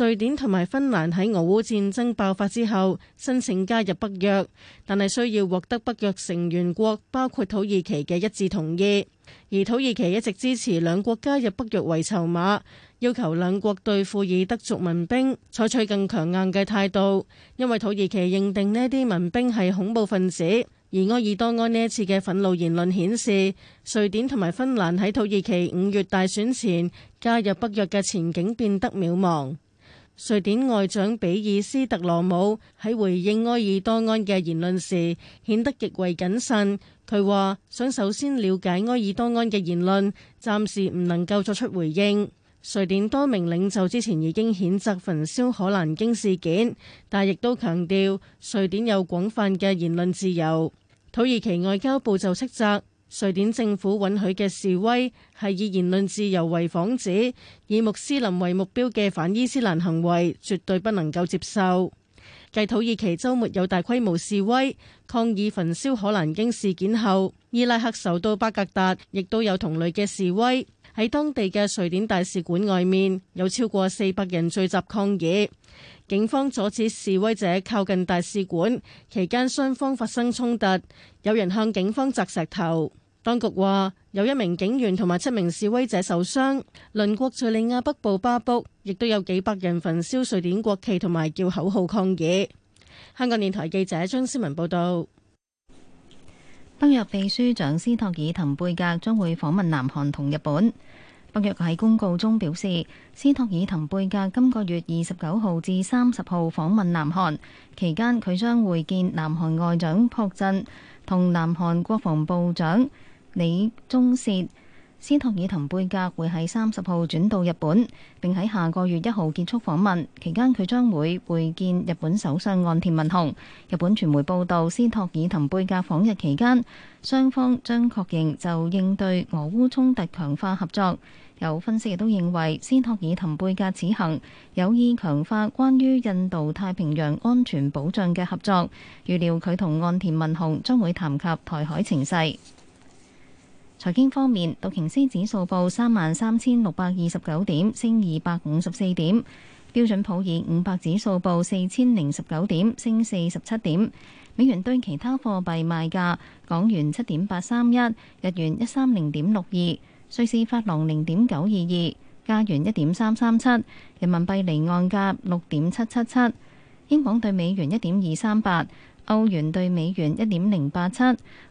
瑞典同埋芬蘭喺俄烏戰爭爆發之後申請加入北約，但係需要獲得北約成員國，包括土耳其嘅一致同意。而土耳其一直支持兩國加入北約為籌碼，要求兩國對庫爾德族民兵採取更強硬嘅態度，因為土耳其認定呢啲民兵係恐怖分子。而埃爾多安呢一次嘅憤怒言論顯示，瑞典同埋芬蘭喺土耳其五月大選前加入北約嘅前景變得渺茫。瑞典外長比爾斯特羅姆喺回應埃爾多安嘅言論時，顯得極為謹慎。佢話想首先了解埃爾多安嘅言論，暫時唔能夠作出回應。瑞典多名領袖之前已經譴責焚燒可蘭經事件，但亦都強調瑞典有廣泛嘅言論自由。土耳其外交部就斥責瑞典政府允許嘅示威係以言論自由為幌子，以穆斯林為目標嘅反伊斯蘭行為絕對不能夠接受。繼土耳其周末有大規模示威抗議焚燒可蘭經事件後，伊拉克首都巴格達亦都有同類嘅示威。喺當地嘅瑞典大使館外面有超過四百人聚集抗議，警方阻止示威者靠近大使館，期間雙方發生衝突，有人向警方砸石頭。當局話有一名警員同埋七名示威者受傷。鄰國敘利亞北部巴卜亦都有幾百人焚燒瑞典國旗同埋叫口號抗議。香港電台記者張思文報道。北約秘書長斯托爾滕貝格將會訪問南韓同日本。北約喺公告中表示，斯托爾滕貝格今個月二十九號至三十號訪問南韓，期間佢將會見南韓外長朴振同南韓國防部長。李宗善、斯托爾滕貝格會喺三十號轉到日本，並喺下個月一號結束訪問。期間佢將會會見日本首相岸田文雄。日本傳媒報導，斯托爾滕貝格訪日期間，雙方將確認就應對俄烏衝突強化合作。有分析亦都認為，斯托爾滕貝格此行有意強化關於印度太平洋安全保障嘅合作。預料佢同岸田文雄將會談及台海情勢。財經方面，道瓊斯指數報三萬三千六百二十九點，升二百五十四點；標準普爾五百指數報四千零十九點，升四十七點。美元對其他貨幣賣價：港元七點八三一，日元一三零點六二，瑞士法郎零點九二二，加元一點三三七，人民幣離岸價六點七七七，英鎊對美元一點二三八，歐元對美元一點零八七，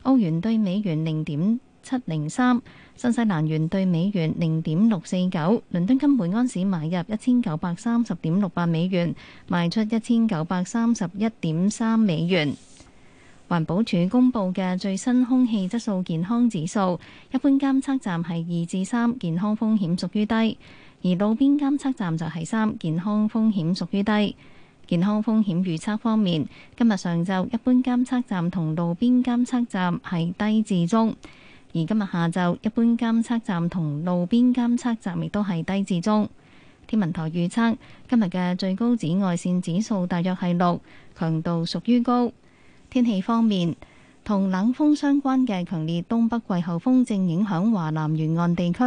澳元對美元零點七零三新西蘭元兌美元零點六四九。倫敦金每安士買入一千九百三十點六八美元，賣出一千九百三十一點三美元。環保署公布嘅最新空氣質素健康指數，一般監測站係二至三，健康風險屬於低；而路邊監測站就係三，健康風險屬於低。健康風險預測方面，今日上晝一般監測站同路邊監測站係低至中。而今日下晝，一般監測站同路邊監測站亦都係低至中。天文台預測今日嘅最高紫外線指數大約係六，強度屬於高。天氣方面，同冷風相關嘅強烈東北季候風正影響華南沿岸地區，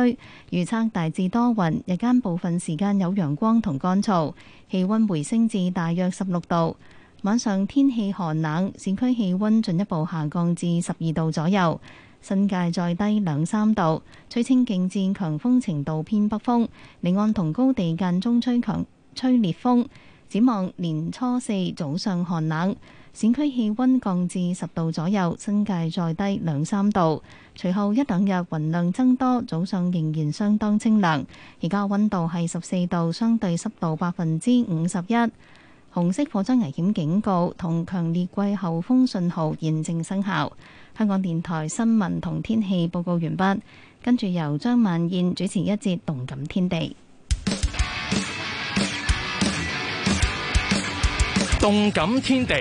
預測大致多雲，日間部分時間有陽光同乾燥，氣溫回升至大約十六度。晚上天氣寒冷，市區氣溫進一步下降至十二度左右。新界再低兩三度，吹清勁至強風程度偏北風，離岸同高地間中吹強吹烈風。展望年初四早上寒冷，市區氣溫降至十度左右，新界再低兩三度。隨後一兩日雲量增多，早上仍然相當清涼。而家溫度係十四度，相對濕度百分之五十一。紅色火災危險警告同強烈季候風信號現正生效。香港電台新聞同天氣報告完畢，跟住由張曼燕主持一節《動感天地》。《動感天地》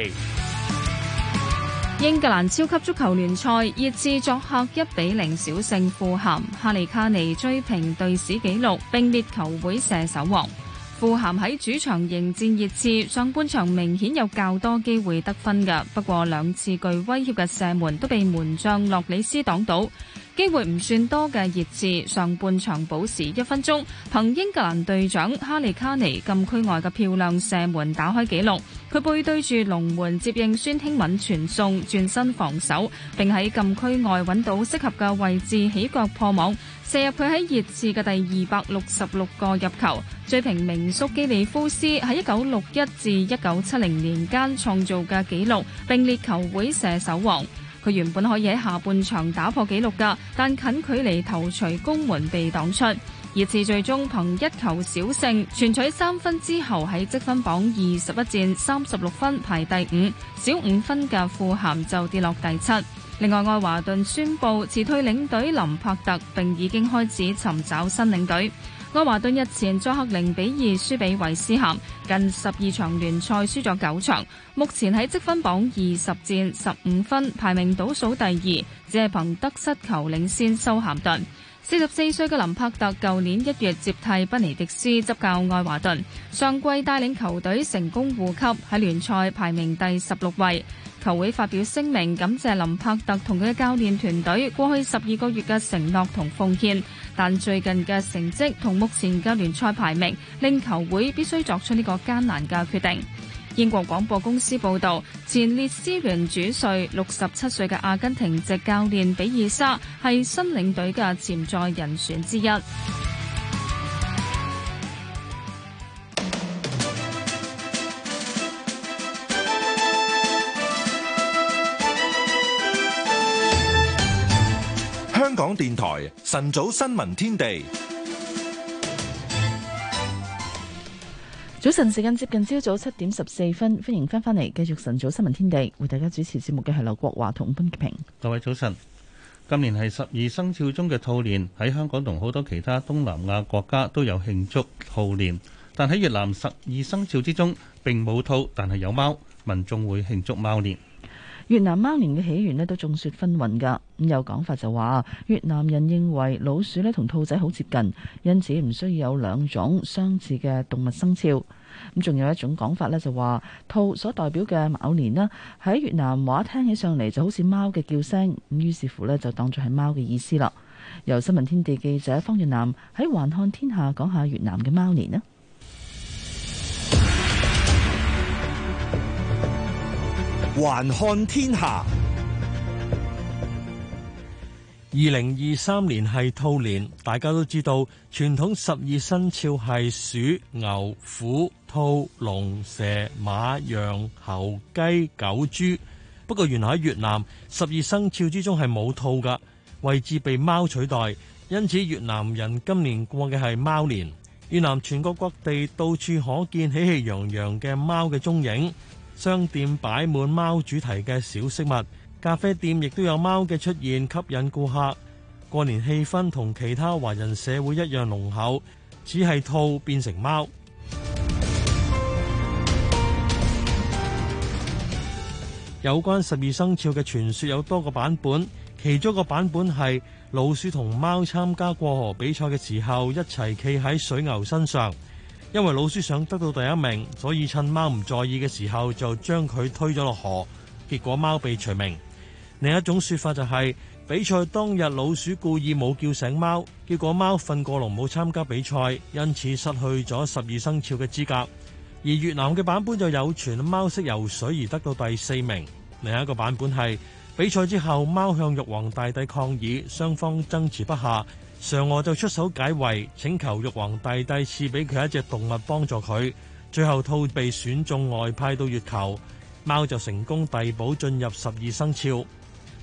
英格蘭超級足球聯賽，熱刺作客一比零小勝富咸，哈利卡尼追平隊史紀錄，並列球會射手王。富咸喺主場迎戰熱刺，上半場明顯有較多機會得分噶，不過兩次具威脅嘅射門都被門將洛里斯擋到。機會唔算多嘅熱刺上半場補時一分鐘，憑英格蘭隊長哈利卡尼禁區外嘅漂亮射門打開紀錄。佢背對住龍門接應孫興敏傳送，轉身防守並喺禁區外揾到適合嘅位置起腳破網，射入佢喺熱刺嘅第二百六十六個入球，追平名宿基利夫斯喺一九六一至一九七零年間創造嘅紀錄，並列球會射手王。佢原本可以喺下半場打破紀錄㗎，但近距離頭槌攻門被擋出，熱刺最終憑一球小勝，全取三分之後喺積分榜二十一戰三十六分排第五，少五分嘅富咸就跌落第七。另外，愛華頓宣布辭退領隊林柏特，並已經開始尋找新領隊。愛華頓日前作客零比二輸俾韋斯咸，近十二場聯賽輸咗九場，目前喺積分榜二十戰十五分，排名倒數第二，只係憑得失球領先修咸頓。四十四歲嘅林柏特，舊年一月接替賓尼迪斯執教愛華頓，上季帶領球隊成功護級，喺聯賽排名第十六位。球會發表聲明感謝林柏特同佢嘅教練團隊過去十二個月嘅承諾同奉獻，但最近嘅成績同目前嘅聯賽排名令球會必須作出呢個艱難嘅決定。英國廣播公司報導，前列斯聯主帥六十七歲嘅阿根廷籍教練比爾莎係新領隊嘅潛在人選之一。港電台晨早新聞天地，早晨時間接近朝早七點十四分，歡迎翻返嚟繼續晨早新聞天地，為大家主持節目嘅係劉國華同潘潔平。各位早晨，今年係十二生肖中嘅兔年，喺香港同好多其他東南亞國家都有慶祝兔年，但喺越南十二生肖之中並冇兔，但係有貓，民眾會慶祝貓年。越南貓年嘅起源咧都眾說紛紜噶咁有講法就話越南人認為老鼠咧同兔仔好接近，因此唔需要有兩種相似嘅動物生肖。咁仲有一種講法咧就話兔所代表嘅卯年啦，喺越南話聽起上嚟，就好似貓嘅叫聲，咁於是乎咧就當作係貓嘅意思啦。由新聞天地記者方月南喺橫看天下講下越南嘅貓年啦。還看天下。二零二三年係兔年，大家都知道傳統十二生肖係鼠、牛、虎、兔、龍、蛇、馬、羊、猴、雞、狗、豬。不過原來喺越南，十二生肖之中係冇兔㗎，位置被貓取代，因此越南人今年過嘅係貓年。越南全國各地到處可見喜氣洋洋嘅貓嘅蹤影。商店擺滿貓主題嘅小飾物，咖啡店亦都有貓嘅出現，吸引顧客。過年氣氛同其他華人社會一樣濃厚，只係兔變成貓。 有關十二生肖嘅傳說有多個版本，其中一個版本係老鼠同貓參加過河比賽嘅時候，一齊企喺水牛身上。因為老鼠想得到第一名，所以趁貓唔在意嘅時候就將佢推咗落河，結果貓被除名。另一種說法就係、是、比賽當日老鼠故意冇叫醒貓，結果貓瞓過龍冇參加比賽，因此失去咗十二生肖嘅資格。而越南嘅版本就有傳貓識游水而得到第四名。另一個版本係比賽之後貓向玉皇大帝抗議，雙方爭持不下。嫦娥就出手解圍，請求玉皇大帝賜俾佢一隻動物幫助佢。最後兔被選中外派到月球，貓就成功遞補進入十二生肖。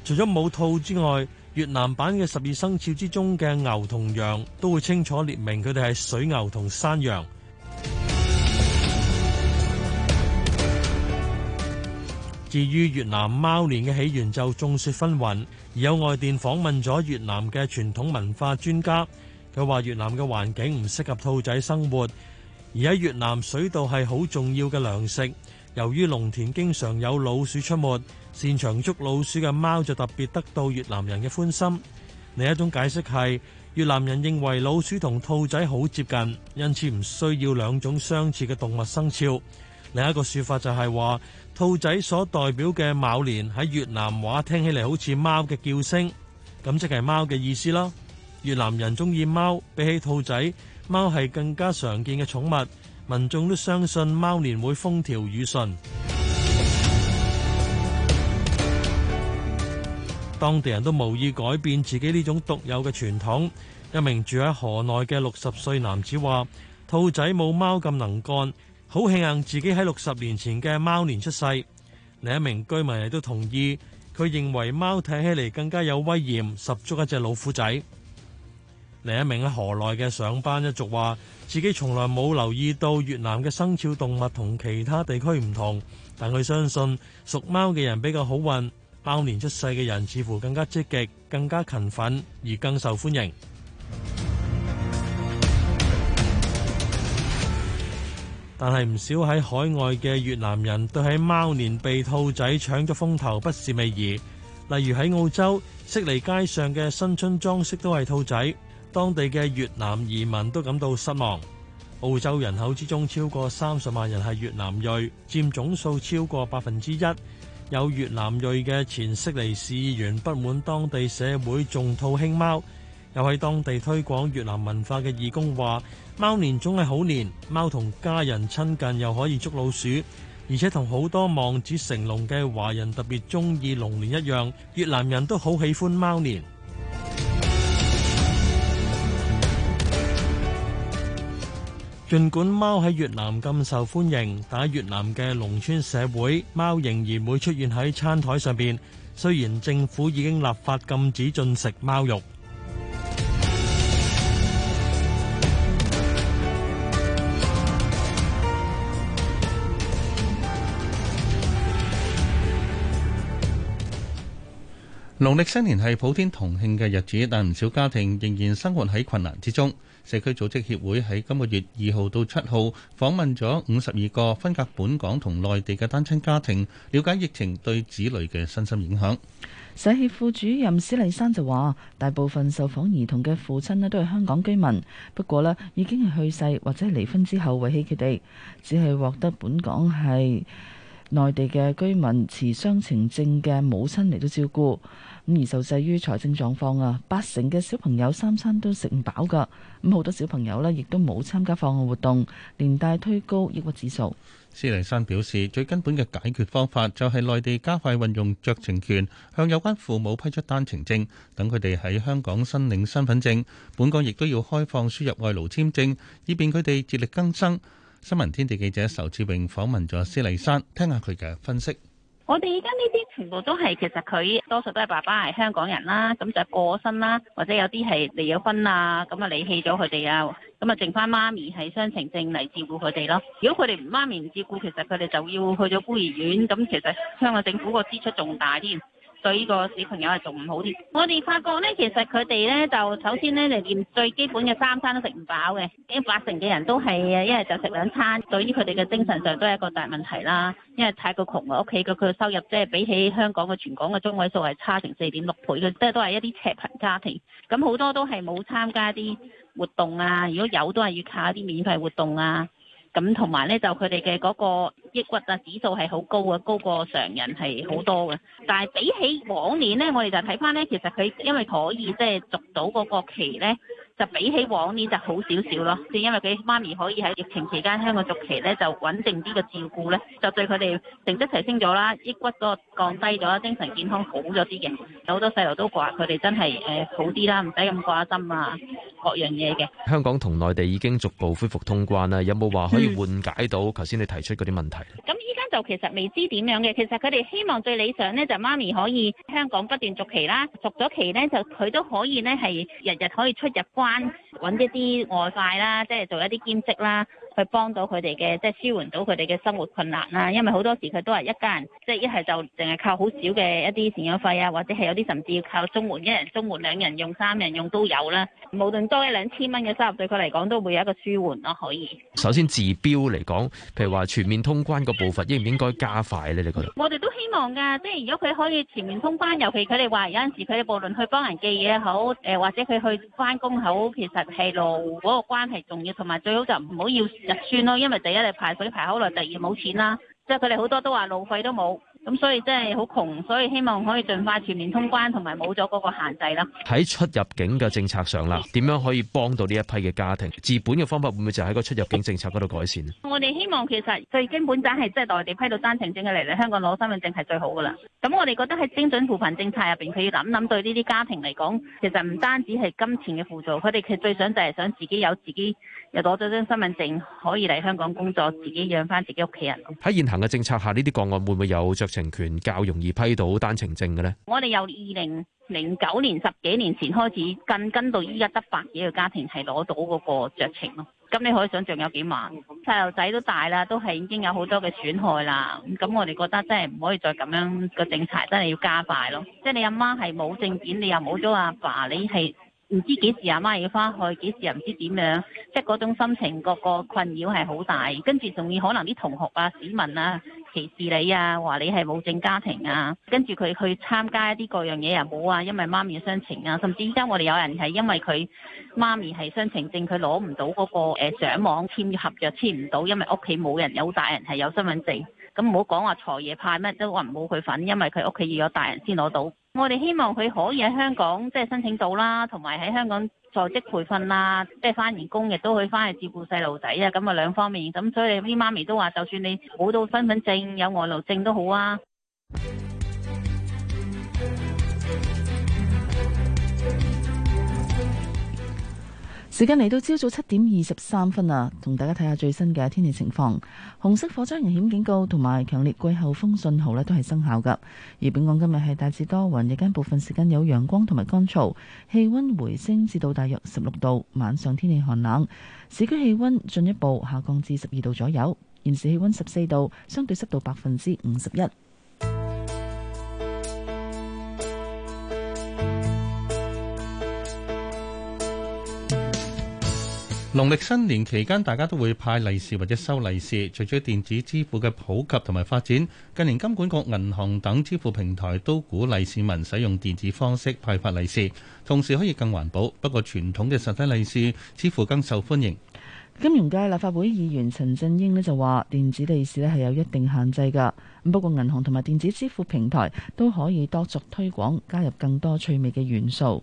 除咗冇兔之外，越南版嘅十二生肖之中嘅牛同羊都會清楚列明佢哋係水牛同山羊。至於越南貓年嘅起源就眾說紛紜。而有外電訪問咗越南嘅傳統文化專家，佢話越南嘅環境唔適合兔仔生活，而喺越南水稻係好重要嘅糧食。由於農田經常有老鼠出沒，擅長捉老鼠嘅貓就特別得到越南人嘅歡心。另一種解釋係越南人認為老鼠同兔仔好接近，因此唔需要兩種相似嘅動物生肖。另一個說法就係話，兔仔所代表嘅卯年喺越南話聽起嚟好似貓嘅叫聲，咁即係貓嘅意思啦。越南人中意貓，比起兔仔，貓係更加常見嘅寵物。民眾都相信貓年會風調雨順。 當地人都無意改變自己呢種獨有嘅傳統。一名住喺河內嘅六十歲男子話：兔仔冇貓咁能幹。好慶幸自己喺六十年前嘅貓年出世。另一名居民亦都同意，佢認為貓睇起嚟更加有威嚴，十足一隻老虎仔。另一名喺河內嘅上班一族話，自己從來冇留意到越南嘅生肖動物同其他地區唔同，但佢相信屬貓嘅人比較好運，貓年出世嘅人似乎更加積極、更加勤奮，而更受歡迎。但係唔少喺海外嘅越南人對喺貓年被兔仔搶咗風頭不是味兒。例如喺澳洲，悉尼街上嘅新春裝飾都係兔仔，當地嘅越南移民都感到失望。澳洲人口之中超過三十萬人係越南裔，佔總數超過百分之一。有越南裔嘅前悉尼市議員不滿當地社會重兔輕貓，又喺當地推廣越南文化嘅義工話。貓年總係好年，貓同家人親近又可以捉老鼠，而且同好多望子成龍嘅華人特別中意龍年一樣，越南人都好喜歡貓年。盡管貓喺越南咁受歡迎，但係越南嘅農村社會，貓仍然會出現喺餐台上邊，雖然政府已經立法禁止進食貓肉。農曆新年係普天同慶嘅日子，但唔少家庭仍然生活喺困難之中。社區組織協會喺今個月二號到七號訪問咗五十二個分隔本港同內地嘅單親家庭，了解疫情對子女嘅身心影響。社協副主任史麗珊就話，大部分受訪兒童嘅父親咧都係香港居民，不過咧已經係去世或者係離婚之後遺棄佢哋，只係獲得本港係內地嘅居民持雙程證嘅母親嚟到照顧。咁而受制於財政狀況啊，八成嘅小朋友三餐都食唔飽噶，咁好多小朋友咧亦都冇參加放學活動，連帶推高抑鬱指數。施麗珊表示，最根本嘅解決方法就係內地加快運用酌情權向有關父母批出單程證，等佢哋喺香港申領身份證，本港亦都要開放輸入外勞簽證，以便佢哋自力更生。新聞天地記者仇志榮訪問咗施麗珊，聽下佢嘅分析。我哋而家呢啲全部都係，其實佢多數都係爸爸係香港人啦，咁就過身啦，或者有啲係離咗婚啊，咁啊離棄咗佢哋啊，咁啊剩翻媽咪係雙程證嚟照顧佢哋咯。如果佢哋唔媽咪唔照顧，其實佢哋就要去咗孤兒院，咁其實香港政府個支出仲大添。對呢個小朋友係仲唔好啲？我哋發覺呢，其實佢哋呢，就首先呢，就連最基本嘅三餐都食唔飽嘅，幾八成嘅人都係一日就食兩餐。對於佢哋嘅精神上都係一個大問題啦。因為太過窮，我屋企嘅佢嘅收入，即係比起香港嘅全港嘅中位數係差成四點六倍嘅，即係都係一啲赤貧家庭。咁好多都係冇參加啲活動啊。如果有都係要靠一啲免費活動啊。咁同埋咧，就佢哋嘅嗰個抑鬱啊指數係好高嘅，高過常人係好多嘅。但係比起往年咧，我哋就睇翻咧，其實佢因為可以即係續到個期咧，就比起往年就好少少咯。正因為佢媽咪可以喺疫情期間香港續期咧，就穩定啲嘅照顧咧，就對佢哋成績提升咗啦，抑鬱嗰個降低咗啦，精神健康好咗啲嘅。有好多細路都話佢哋真係誒好啲啦，唔使咁掛心啊。各樣嘢嘅香港同內地已經逐步恢復通關啦，有冇話可以緩解到頭先你提出嗰啲問題？咁依家就其實未知點樣嘅，其實佢哋希望最理想咧就媽咪可以香港不斷續期啦，續咗期咧就佢都可以咧係日日可以出入關揾一啲外快啦，即係做一啲兼職啦。去幫到佢哋嘅，即係舒緩到佢哋嘅生活困難啦。因為好多時佢都係一家人，即係一係就淨係靠好少嘅一啲贍養費啊，或者係有啲甚至要靠綜援一人、綜援兩人用、三人用都有啦。無論多一兩千蚊嘅收入，對佢嚟講都會有一個舒緩咯。可以首先治標嚟講，譬如話全面通關個步伐應唔應該加快咧？ 你覺得我哋都希望㗎，即係如果佢可以全面通關，尤其佢哋話有陣時佢哋無論去幫人寄嘢好，誒、呃、或者佢去翻工好，其實係路嗰個關係重要，同埋最好就唔好要，要。就算咯，因為第一你排水排好耐，第二冇錢啦。即係佢哋好多都話路費都冇，咁所以真係好窮，所以希望可以盡快全面通關，同埋冇咗嗰個限制啦。喺出入境嘅政策上啦，點樣可以幫到呢一批嘅家庭？治本嘅方法會唔會就喺個出入境政策嗰度改善？我哋希望其實最根本就係即係內地批到單程證嘅嚟嚟香港攞身份證係最好噶啦。咁我哋覺得喺精準扶貧政策入邊，佢要諗諗對呢啲家庭嚟講，其實唔單止係金錢嘅輔助，佢哋其實最想就係想自己有自己。又攞咗張身份證，可以嚟香港工作，自己養翻自己屋企人。喺現行嘅政策下，呢啲個案會唔會有酌情權較容易批到單程證嘅咧？我哋由二零零九年十幾年前開始，跟跟到依家得百幾個家庭係攞到嗰個酌情咯。咁你可以想像有幾萬細路仔都大啦，都係已經有好多嘅損害啦。咁我哋覺得真係唔可以再咁樣個政策，真係要加快咯。即係你阿媽係冇證件，你又冇咗阿爸，你係。唔知幾時阿媽，媽要翻去，幾時又唔知點樣，即係嗰種心情，個個困擾係好大。跟住仲要可能啲同學啊、市民啊歧視你啊，話你係冇證家庭啊。跟住佢去參加一啲各樣嘢又冇啊，因為媽咪雙程啊。甚至依家我哋有人係因為佢媽咪係雙程證，佢攞唔到嗰、嗰個上、呃、網簽合約簽唔到，因為屋企冇人有大人係有身份證。咁唔好講話財爺派乜都話冇佢份，因為佢屋企要有大人先攞到。我哋希望佢可以喺香港即係申請到啦，同埋喺香港在職培訓啦，即係翻完工亦都可以翻去照顧細路仔啊！咁啊兩方面咁，所以啲媽咪都話，就算你攞到身份證、有外勞證都好啊。時間嚟到朝早七點二十三分啊，同大家睇下最新嘅天氣情況。紅色火災危險警告同埋強烈季候風信號呢都係生效噶。而本港今日係大致多雲，日間部分時間有陽光同埋乾燥，氣温回升至到大約十六度。晚上天氣寒冷，市區氣温進一步下降至十二度左右。現時氣温十四度，相對濕度百分之五十一。農曆新年期間，大家都會派利是或者收利是。除咗電子支付嘅普及同埋發展，近年金管局、銀行等支付平台都鼓勵市民使用電子方式派發利是，同時可以更環保。不過，傳統嘅實體利是似乎更受歡迎。金融界立法會議員陳振英咧就話：電子利是咧係有一定限制㗎。咁不過，銀行同埋電子支付平台都可以多做推廣，加入更多趣味嘅元素。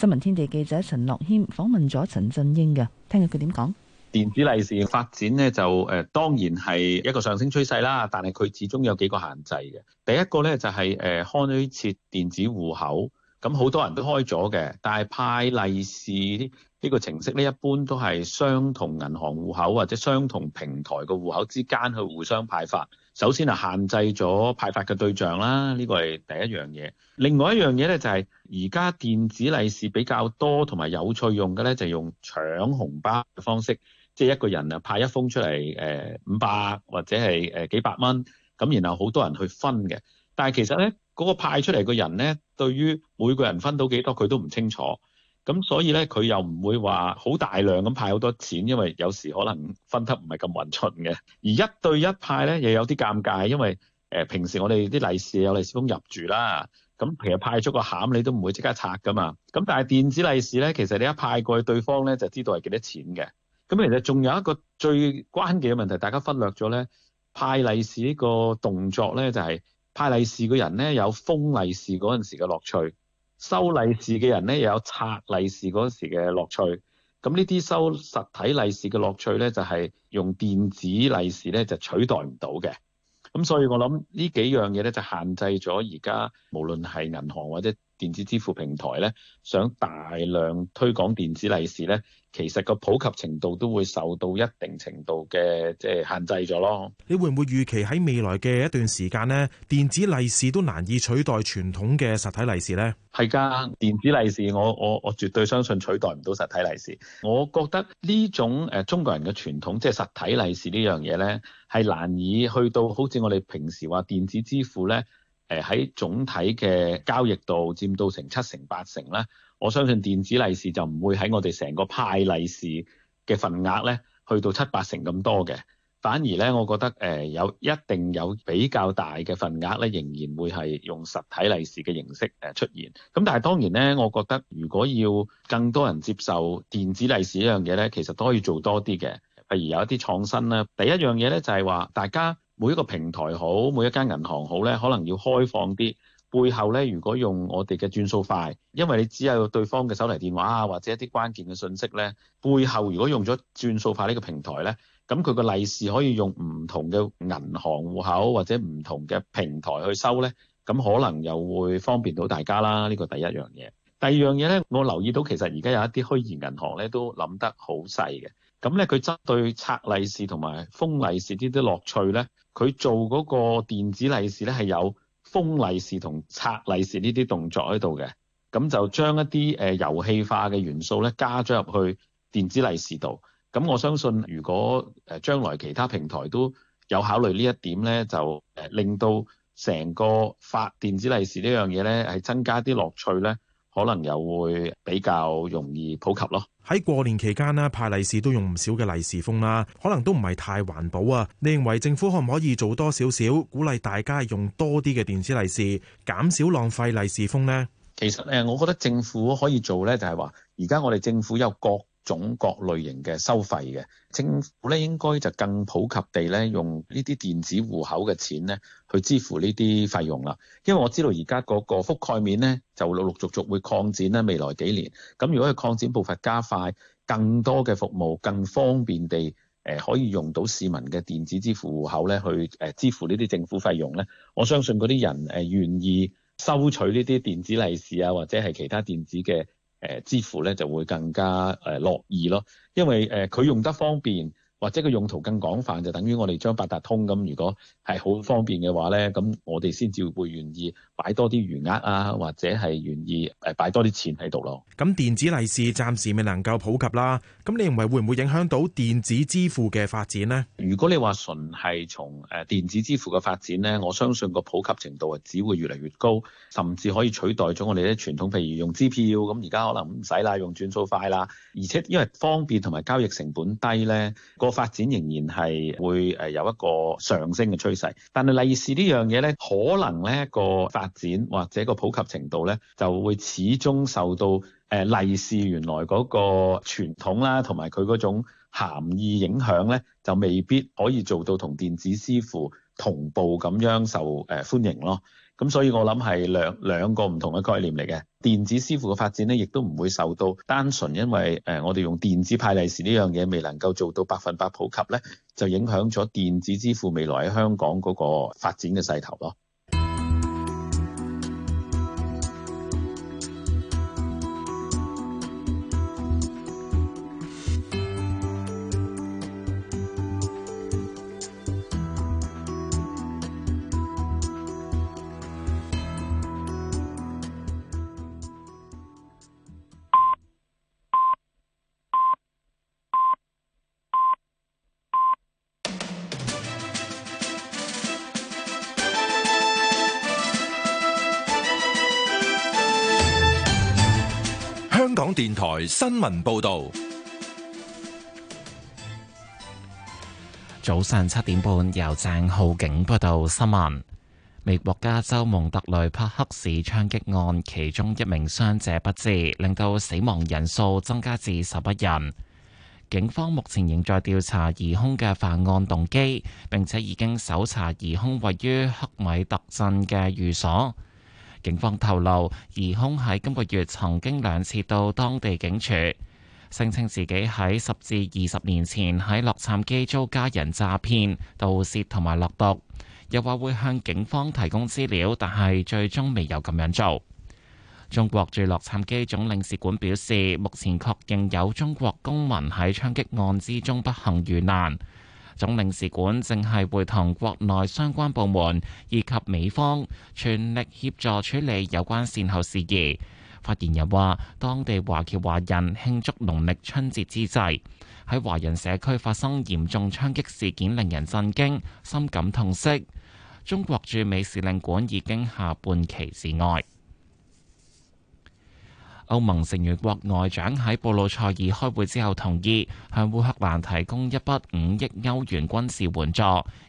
新聞天地記者陳樂謙訪問咗陳振英嘅，聽下佢點講？電子利是發展咧，就誒、呃，當然係一個上升趨勢啦。但係佢始終有幾個限制嘅。第一個咧就係、是、誒，開、呃、設電子戶口，咁好多人都開咗嘅，但係派利是啲。呢個程式咧，一般都係相同銀行戶口或者相同平台嘅戶口之間去互相派發。首先係限制咗派發嘅對象啦，呢個係第一樣嘢。另外一樣嘢咧，就係而家電子利是比較多同埋有趣用嘅咧，就係用搶紅包嘅方式，即係一個人啊派一封出嚟，誒五百或者係誒幾百蚊，咁然後好多人去分嘅。但係其實咧，嗰個派出嚟嘅人咧，對於每個人分到幾多，佢都唔清楚。咁、嗯、所以咧，佢又唔會話好大量咁派好多錢，因為有時可能分得唔係咁均勻嘅。而一對一派咧，又有啲尷尬，因為誒、呃、平時我哋啲利是有利是封入住啦，咁平日派足個餡，你都唔會即刻拆㗎嘛。咁、嗯、但係電子利是咧，其實你一派過去對方咧，就知道係幾多錢嘅。咁、嗯、其實仲有一個最關鍵嘅問題，大家忽略咗咧，派利是呢個動作咧，就係、是、派利是嘅人咧，有封利是嗰陣時嘅樂趣。收利是嘅人咧，又有拆利是嗰時嘅樂趣。咁呢啲收實體利是嘅樂趣咧，就係用電子利是咧就取代唔到嘅。咁所以我諗呢幾樣嘢咧，就限制咗而家無論係銀行或者電子支付平台咧，想大量推廣電子利是咧。其實個普及程度都會受到一定程度嘅即係限制咗咯。你會唔會預期喺未來嘅一段時間呢？電子利是都難以取代傳統嘅實體利是呢？係噶，電子利是我，我我我絕對相信取代唔到實體利是。我覺得呢種誒中國人嘅傳統，即係實體利是呢樣嘢呢，係難以去到好似我哋平時話電子支付呢，誒喺總體嘅交易度佔到成七成八成咧。我相信電子利是就唔會喺我哋成個派利是嘅份額咧，去到七八成咁多嘅。反而咧，我覺得誒、呃、有一定有比較大嘅份額咧，仍然會係用實體利是嘅形式誒出現。咁、嗯、但係當然咧，我覺得如果要更多人接受電子利是呢樣嘢咧，其實都可以做多啲嘅。譬如有一啲創新啦，第一樣嘢咧就係話，大家每一個平台好，每一間銀行好咧，可能要開放啲。背後咧，如果用我哋嘅轉數快，因為你只有對方嘅手提電話啊，或者一啲關鍵嘅信息咧，背後如果用咗轉數快呢個平台咧，咁佢個利是可以用唔同嘅銀行戶口或者唔同嘅平台去收咧，咁可能又會方便到大家啦。呢個第一樣嘢。第二樣嘢咧，我留意到其實而家有一啲虛擬銀行咧都諗得好細嘅，咁咧佢針對拆利是同埋封利是樂呢啲樂趣咧，佢做嗰個電子利是咧係有。封利是同拆利是呢啲動作喺度嘅，咁就將一啲誒遊戲化嘅元素咧加咗入去電子利是度。咁我相信如果誒將來其他平台都有考慮呢一點咧，就誒令到成個發電子利是呢樣嘢咧，係增加啲樂趣咧。可能又會比較容易普及咯。喺過年期間咧，派利是都用唔少嘅利是封啦，可能都唔係太環保啊。你認為政府可唔可以做多少少，鼓勵大家用多啲嘅電子利是，減少浪費利是封呢？其實咧，我覺得政府可以做呢，就係話，而家我哋政府有各。種各類型嘅收費嘅政府咧，應該就更普及地咧，用呢啲電子戶口嘅錢咧，去支付呢啲費用啦。因為我知道而家嗰個覆蓋面咧，就陸陸續續會擴展咧，未來幾年。咁如果佢擴展步伐加快，更多嘅服務，更方便地誒可以用到市民嘅電子支付戶口咧，去誒支付呢啲政府費用咧。我相信嗰啲人誒願意收取呢啲電子利是啊，或者係其他電子嘅。誒支付咧就會更加誒、呃、樂意咯，因為誒佢、呃、用得方便。或者個用途更廣泛，就等於我哋將八達通咁，如果係好方便嘅話呢，咁我哋先至會願意擺多啲餘額啊，或者係願意誒擺多啲錢喺度咯。咁電子利是暫時未能夠普及啦。咁你認為會唔會影響到電子支付嘅發展呢？如果你話純係從誒電子支付嘅發展呢，我相信個普及程度係只會越嚟越高，甚至可以取代咗我哋啲傳統，譬如用支票咁，而家可能唔使啦，用轉數快啦。而且因為方便同埋交易成本低呢。個發展仍然係會誒有一個上升嘅趨勢，但係利是呢樣嘢呢，可能呢個發展或者個普及程度呢，就會始終受到誒利是原來嗰個傳統啦，同埋佢嗰種涵義影響呢，就未必可以做到同電子支付同步咁樣受誒、呃、歡迎咯。咁所以我諗係兩兩個唔同嘅概念嚟嘅，電子支付嘅發展咧，亦都唔會受到單純因為誒、呃、我哋用電子派利是呢樣嘢未能夠做到百分百普及咧，就影響咗電子支付未來喺香港嗰個發展嘅勢頭咯。新聞報道，早上七點半由鄭浩景報道新聞。美國加州蒙特雷帕克市槍擊案，其中一名傷者不治，令到死亡人數增加至十一人。警方目前仍在調查疑凶嘅犯案動機，並且已經搜查疑凶位於克米特鎮嘅寓所。警方透露，疑凶喺今個月曾經兩次到當地警署，聲稱自己喺十至二十年前喺洛杉磯遭家人詐騙、盜竊同埋落毒，又話會向警方提供資料，但係最終未有咁樣做。中國駐洛杉磯總領事館表示，目前確認有中國公民喺槍擊案之中不幸遇難。總領事館正係會同國內相關部門以及美方全力協助處理有關善後事宜。發言人話：當地華僑華人慶祝農曆春節之際，喺華人社區發生嚴重槍擊事件，令人震驚，深感痛惜。中國駐美使領館已經下半旗致哀。歐盟成員國外長喺布魯塞爾開會之後，同意向烏克蘭提供一筆五億歐元軍事援助，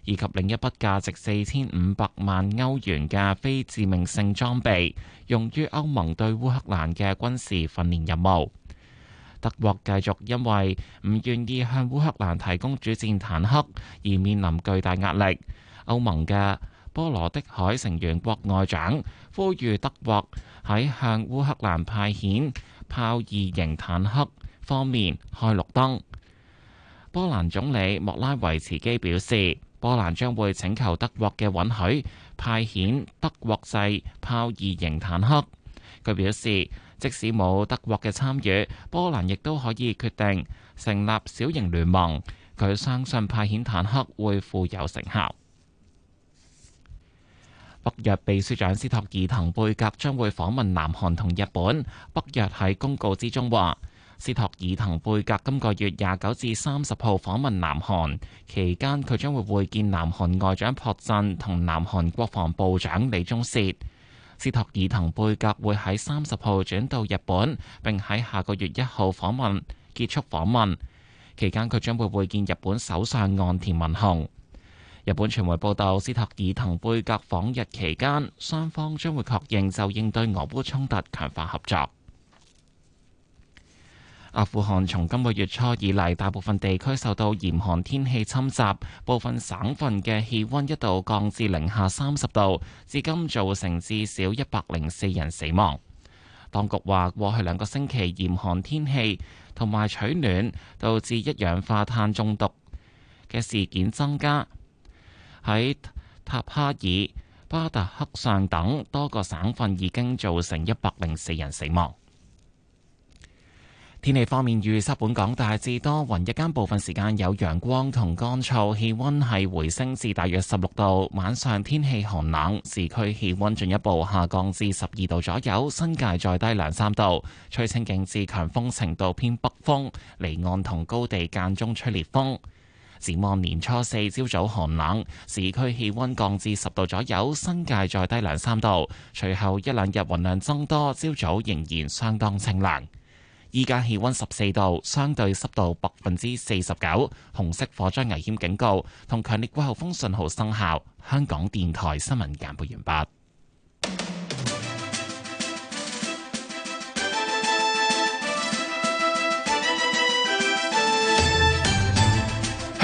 以及另一筆價值四千五百萬歐元嘅非致命性裝備，用於歐盟對烏克蘭嘅軍事訓練任務。德國繼續因為唔願意向烏克蘭提供主戰坦克而面臨巨大壓力。歐盟嘅波羅的海成員國外長呼籲德國喺向烏克蘭派遣豹二型坦克方面開綠燈。波蘭總理莫拉維茨基表示，波蘭將會請求德國嘅允許派遣德國製豹二型坦克。佢表示，即使冇德國嘅參與，波蘭亦都可以決定成立小型聯盟。佢相信派遣坦克會富有成效。北約秘書長斯托爾滕貝格將會訪問南韓同日本。北約喺公告之中話，斯托爾滕貝格今個月廿九至三十號訪問南韓，期間佢將會會見南韓外長朴振同南韓國防部長李鍾燮。斯托爾滕貝格會喺三十號轉到日本，並喺下個月一號訪問結束訪問。期間佢將會會見日本首相岸田文雄。日本傳媒報道，斯托爾滕貝格訪日期間，雙方將會確認就應對俄烏衝突強化合作。阿富汗從今個月初以嚟，大部分地區受到嚴寒天氣侵襲，部分省份嘅氣温一度降至零下三十度，至今造成至少一百零四人死亡。當局話，過去兩個星期嚴寒天氣同埋取暖導致一氧化碳中毒嘅事件增加。喺塔哈爾、巴達克尚等多個省份已經造成一百零四人死亡。天氣方面，預測本港大致多雲，日間部分時間有陽光同乾燥，氣溫係回升至大約十六度。晚上天氣寒冷，市區氣溫進一步下降至十二度左右，新界再低兩三度。吹清勁至強風程度偏北風，離岸同高地間中吹烈風。展望年初四朝早寒冷，市區氣溫降至十度左右，新界再低兩三度。隨後一兩日雲量增多，朝早仍然相當清涼。依家氣溫十四度，相對濕度百分之四十九，紅色火災危險警告同強烈季候風信號生效。香港電台新聞簡報完畢。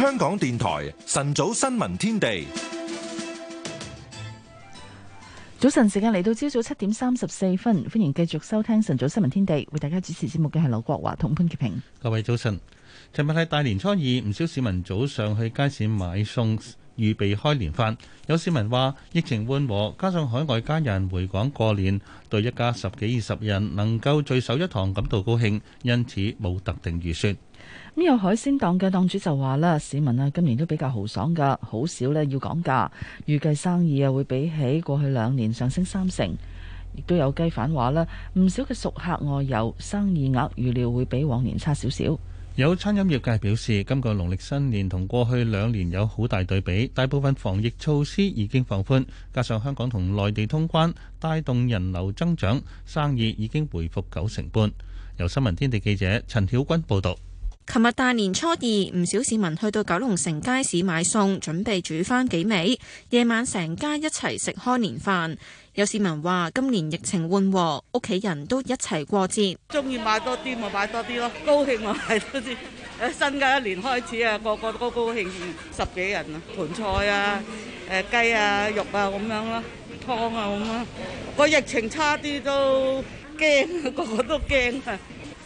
香港電台晨早新聞天地，早晨時間嚟到朝早七點三十四分，歡迎繼續收聽晨早新聞天地，為大家主持節目嘅係劉國華同潘潔平。各位早晨，尋日係大年初二，唔少市民早上去街市買餸，預備開年飯。有市民話，疫情緩和，加上海外家人回港過年，對一家十幾二十人能夠聚首一堂感到高興，因此冇特定預算。咁有海鮮檔嘅檔主就話啦，市民啊，今年都比較豪爽噶，好少咧要講價。預計生意啊會比起過去兩年上升三成，亦都有雞販話啦，唔少嘅熟客外遊，生意額預料會比往年差少少。有餐飲業界表示，今個農曆新年同過去兩年有好大對比，大部分防疫措施已經放寬，加上香港同內地通關帶動人流增長，生意已經回復九成半。由新聞天地記者陳曉君報道。琴日大年初二，唔少市民去到九龍城街市買餸，準備煮翻幾味，夜晚成家一齊食開年飯。有市民話：今年疫情緩和，屋企人都一齊過節，中意買多啲咪買多啲咯，高興咪買多啲。新嘅一年開始啊，個個都高高興興，十幾人啊，盤菜啊，誒雞啊、肉啊咁樣咯，湯啊咁樣。那個疫情差啲都驚，個個都驚啊！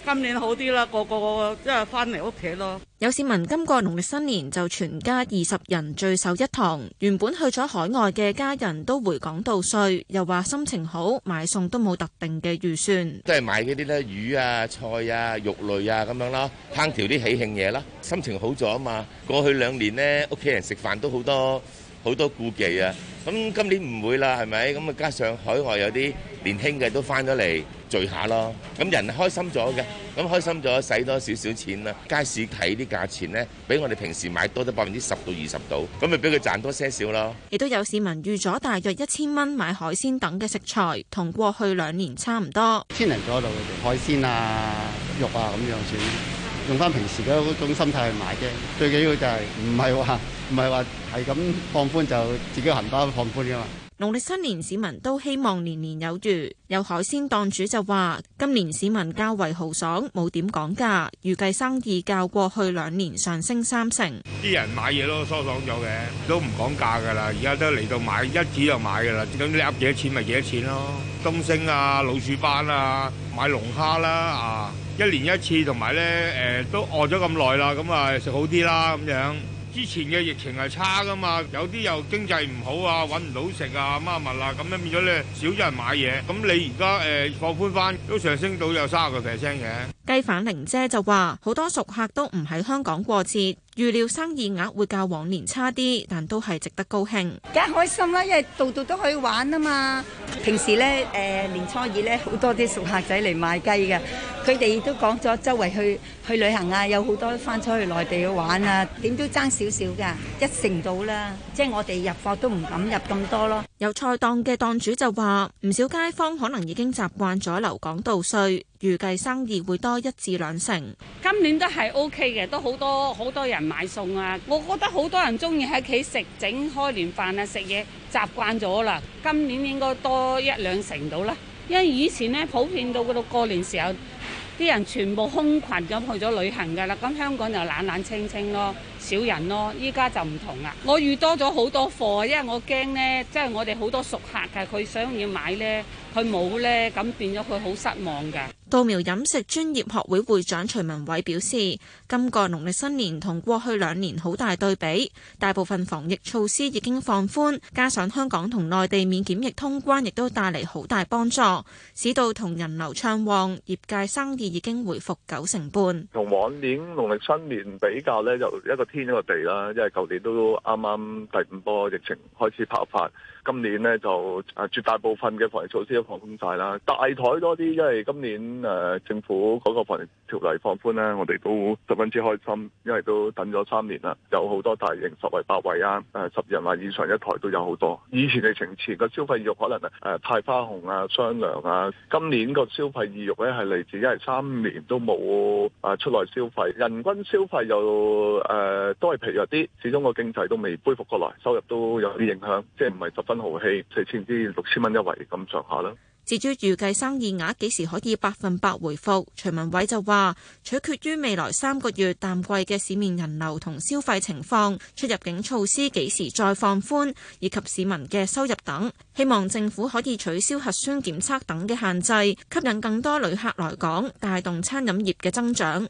今年好啲啦，個個即係翻嚟屋企咯。有市民今個農曆新年就全家二十人聚首一堂，原本去咗海外嘅家人都回港度歲，又話心情好，買餸都冇特定嘅預算，都係買嗰啲咧魚啊、菜啊、肉類啊咁樣啦，烹調啲喜慶嘢啦。心情好咗啊嘛，過去兩年呢屋企人食飯都好多好多顧忌啊，咁今年唔會啦，係咪？咁啊加上海外有啲年輕嘅都翻咗嚟。聚下咯，咁人開心咗嘅，咁開心咗使多少少錢啦。街市睇啲價錢咧，比我哋平時買多咗百分之十到二十度，咁咪俾佢賺多些少咯。亦都有市民預咗大約一千蚊買海鮮等嘅食材，同過去兩年差唔多。千零左右嘅海鮮啊、肉啊咁樣算，用翻平時嘅嗰種心態去買嘅。最緊要就係唔係話唔係話係咁放寬就自己銀包放寬嘅嘛。農曆新年，市民都希望年年有餘。有海鮮檔主就話：今年市民較為豪爽，冇點講價，預計生意較過去兩年上升三成。啲人買嘢都疏爽咗嘅，都唔講價㗎啦。而家都嚟到買，一指就買㗎啦。咁你嗌幾多錢咪幾多錢咯。東星啊、老鼠斑啊、買龍蝦啦啊，一年一次，同埋咧誒都餓咗咁耐啦，咁啊食好啲啦咁樣。之前嘅疫情係差噶嘛，有啲又經濟唔好啊，揾唔到食啊，乜物啊，咁樣、啊、變咗咧少咗人買嘢，咁你而家誒放寬翻都上升到有三十個 percent 嘅。雞販玲姐就話：好多熟客都唔喺香港過節。預料生意額會較往年差啲，但都係值得高興，梗開心啦，因為度度都可以玩啊嘛。平時咧，誒年初二咧，好多啲熟客仔嚟買雞㗎，佢哋都講咗，周圍去去旅行啊，有好多返出去內地去玩啊，點都爭少少㗎，一成到啦，即係我哋入貨都唔敢入咁多咯。有菜檔嘅檔主就話，唔少街坊可能已經習慣咗留港度稅，預計生意會多一至兩成。今年都係 OK 嘅，都好多好多人。買餸啊！我覺得好多人中意喺屋企食整開年飯啊，食嘢習慣咗啦。今年應該多一兩成到啦。因為以前呢，普遍到嗰度過年時候，啲人全部空群咁去咗旅行㗎啦。咁香港就冷冷清清咯，少人咯。依家就唔同啦。我預多咗好多貨，因為我驚呢，即係我哋好多熟客嘅，佢想要買呢，佢冇呢，咁變咗佢好失望㗎。稻苗飲食專業學會會長徐文偉表示，今個農曆新年同過去兩年好大對比，大部分防疫措施已經放寬，加上香港同內地免檢疫通關亦都帶嚟好大幫助，市道同人流暢旺，業界生意已經回復九成半。同往年農曆新年比較咧，就一個天一個地啦，因為舊年都啱啱第五波疫情開始爆發，今年咧就誒絕大部分嘅防疫措施都放寬晒啦，大台多啲，因為今年。誒、啊、政府嗰個防疫條例放寬咧，我哋都十分之開心，因為都等咗三年啦，有好多大型十圍八圍啊，誒十人或、啊、以上一台都有好多。以前嘅情前個消費意欲可能誒、啊、派花紅啊、商量啊，今年個消費意欲咧係嚟自因為三年都冇啊出嚟消費，人均消費又誒、啊、都係疲弱啲，始終個經濟都未恢復過來，收入都有啲影響，即係唔係十分豪氣，四千至六千蚊一圍咁上下啦。至於預計生意額幾時可以百分百回復？徐文偉就話：取決於未來三個月淡季嘅市面人流同消費情況、出入境措施幾時再放寬，以及市民嘅收入等。希望政府可以取消核酸檢測等嘅限制，吸引更多旅客來港，帶動餐飲業嘅增長。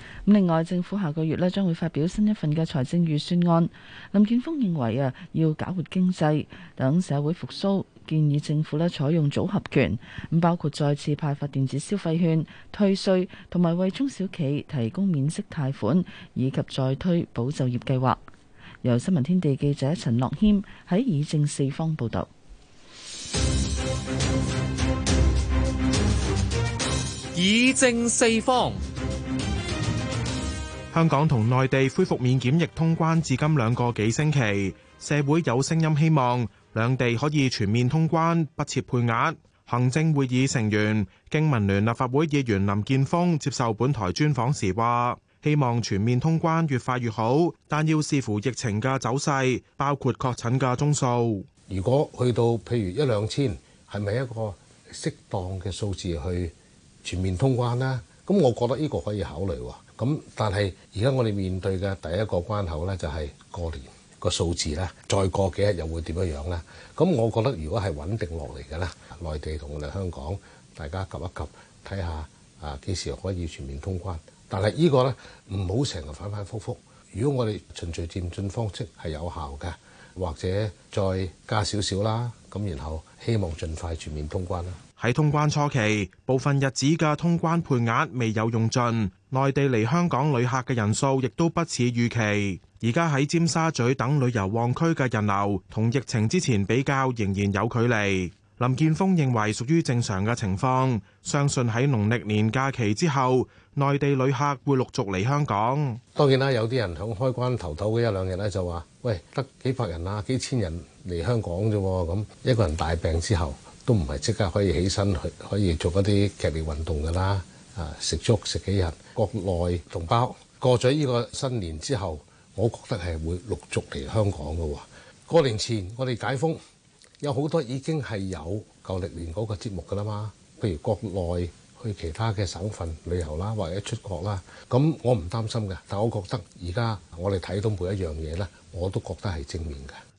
另外，政府下個月咧將會發表新一份嘅財政預算案。林健鋒認為啊，要搞活經濟，等社會復蘇，建議政府咧採用組合拳，咁包括再次派發電子消費券、退稅，同埋為中小企提供免息貸款，以及再推保就業計劃。由新聞天地記者陳樂謙喺以正四方報道。以正四方。香港同內地恢復免檢疫通關至今兩個幾星期，社會有聲音希望兩地可以全面通關，不設配額。行政會議成員、經民聯立法會議員林建峰接受本台專訪時話，希望全面通關越快越好，但要視乎疫情嘅走勢，包括確診嘅宗數。如果去到譬如一兩千，係咪一個適當嘅數字去全面通關呢？咁我覺得呢個可以考慮喎。咁，但係而家我哋面對嘅第一個關口呢，就係過年個數字呢，再過幾日又會點樣樣呢？咁我覺得如果係穩定落嚟㗎啦，內地同我哋香港大家及一及，睇下啊幾時可以全面通關。但係呢個呢唔好成日反反覆覆。如果我哋循序漸進方式係有效嘅，或者再加少少啦，咁然後希望盡快全面通關啦。喺通關初期，部分日子嘅通關配額未有用盡，內地嚟香港旅客嘅人數亦都不似預期。而家喺尖沙咀等旅遊旺區嘅人流，同疫情之前比較仍然有距離。林健鋒認為屬於正常嘅情況，相信喺農曆年假期之後，內地旅客會陸續嚟香港。當然啦，有啲人響開關頭頭嘅一兩日咧，就話：喂，得幾百人啊，幾千人嚟香港啫，咁一個人大病之後。都唔係即刻可以起身去，可以做一啲劇烈運動噶啦。啊，食粥食幾日，國內同胞過咗呢個新年之後，我覺得係會陸續嚟香港噶喎。過年前我哋解封，有好多已經係有舊歷年嗰個節目噶啦嘛。譬如國內去其他嘅省份旅遊啦，或者出國啦，咁我唔擔心嘅。但我覺得而家我哋睇到每一樣嘢呢，我都覺得係正面嘅。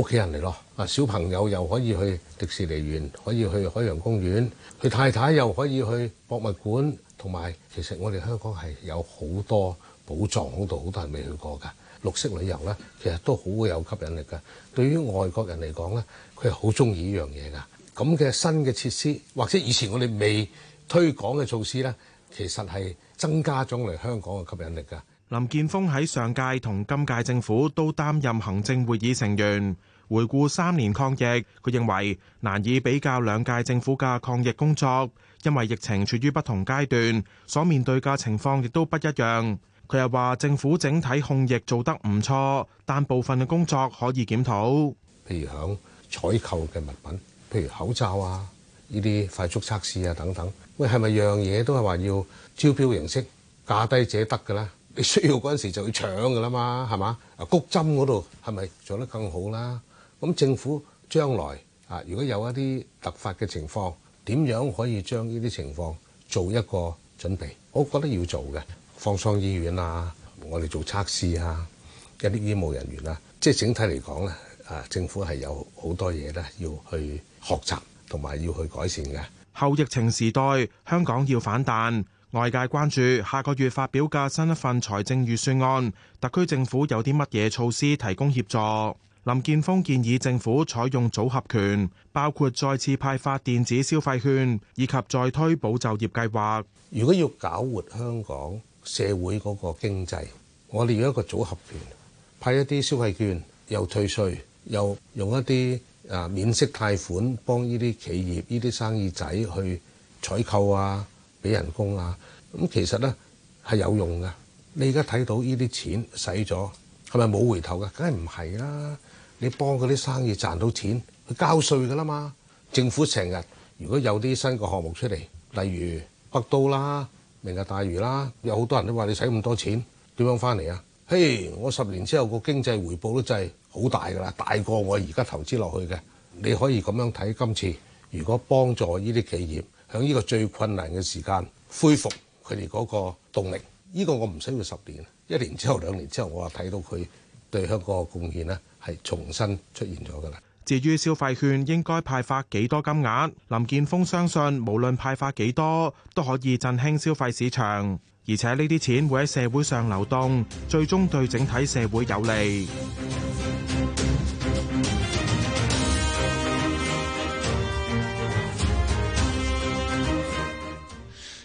屋企人嚟咯，啊小朋友又可以去迪士尼園，可以去海洋公園，去太太又可以去博物館，同埋其實我哋香港係有好多寶藏，嗰度，好多係未去過噶。綠色旅遊咧，其實都好有吸引力噶，對於外國人嚟講咧，佢係好中意呢樣嘢噶，咁嘅新嘅設施或者以前我哋未推廣嘅措施咧，其實，係增加咗嚟香港嘅吸引力噶。林建峰喺上屆同今屆政府都擔任行政會議成員。回顧三年抗疫，佢認為難以比較兩屆政府嘅抗疫工作，因為疫情處於不同階段，所面對嘅情況亦都不一樣。佢又話，政府整體控疫做得唔錯，但部分嘅工作可以檢討，譬如響採購嘅物品，譬如口罩啊，呢啲快速測試啊等等。喂，係咪樣嘢都係話要招標形式價低者得㗎喇？你需要嗰陣時就要搶㗎啦嘛，係嘛？啊，谷針嗰度係咪做得更好啦？咁政府將來啊，如果有一啲突發嘅情況，點樣可以將呢啲情況做一個準備？我覺得要做嘅，方艙醫院啊，我哋做測試啊，一啲醫務人員啊，即係整體嚟講咧，啊，政府係有好多嘢咧要去學習同埋要去改善嘅。後疫情時代，香港要反彈，外界關注下個月發表嘅新一份財政預算案，特區政府有啲乜嘢措施提供協助？林健鋒建議政府採用組合拳，包括再次派發電子消費券，以及再推保就業計劃。如果要搞活香港社會嗰個經濟，我哋要一個組合拳，派一啲消費券，又退稅，又用一啲啊免息貸款幫呢啲企業、呢啲生意仔去採購啊，俾人工啊。咁其實呢係有用噶。你而家睇到呢啲錢使咗，係咪冇回頭噶？梗係唔係啦。你幫佢啲生意賺到錢，佢交稅噶啦嘛。政府成日如果有啲新嘅項目出嚟，例如北都啦、明日大嶼啦，有好多人都話你使咁多錢，點樣翻嚟啊？嘿，我十年之後個經濟回報都真係好大噶啦，大過我而家投資落去嘅。你可以咁樣睇今次，如果幫助呢啲企業喺呢個最困難嘅時間恢復佢哋嗰個動力，呢個我唔需要十年，一年之後、兩年之後我話睇到佢。對香港嘅貢獻呢係重新出現咗㗎喇。至於消費券應該派發幾多金額，林建峰相信無論派發幾多都可以振興消費市場，而且呢啲錢會喺社會上流動，最終對整體社會有利。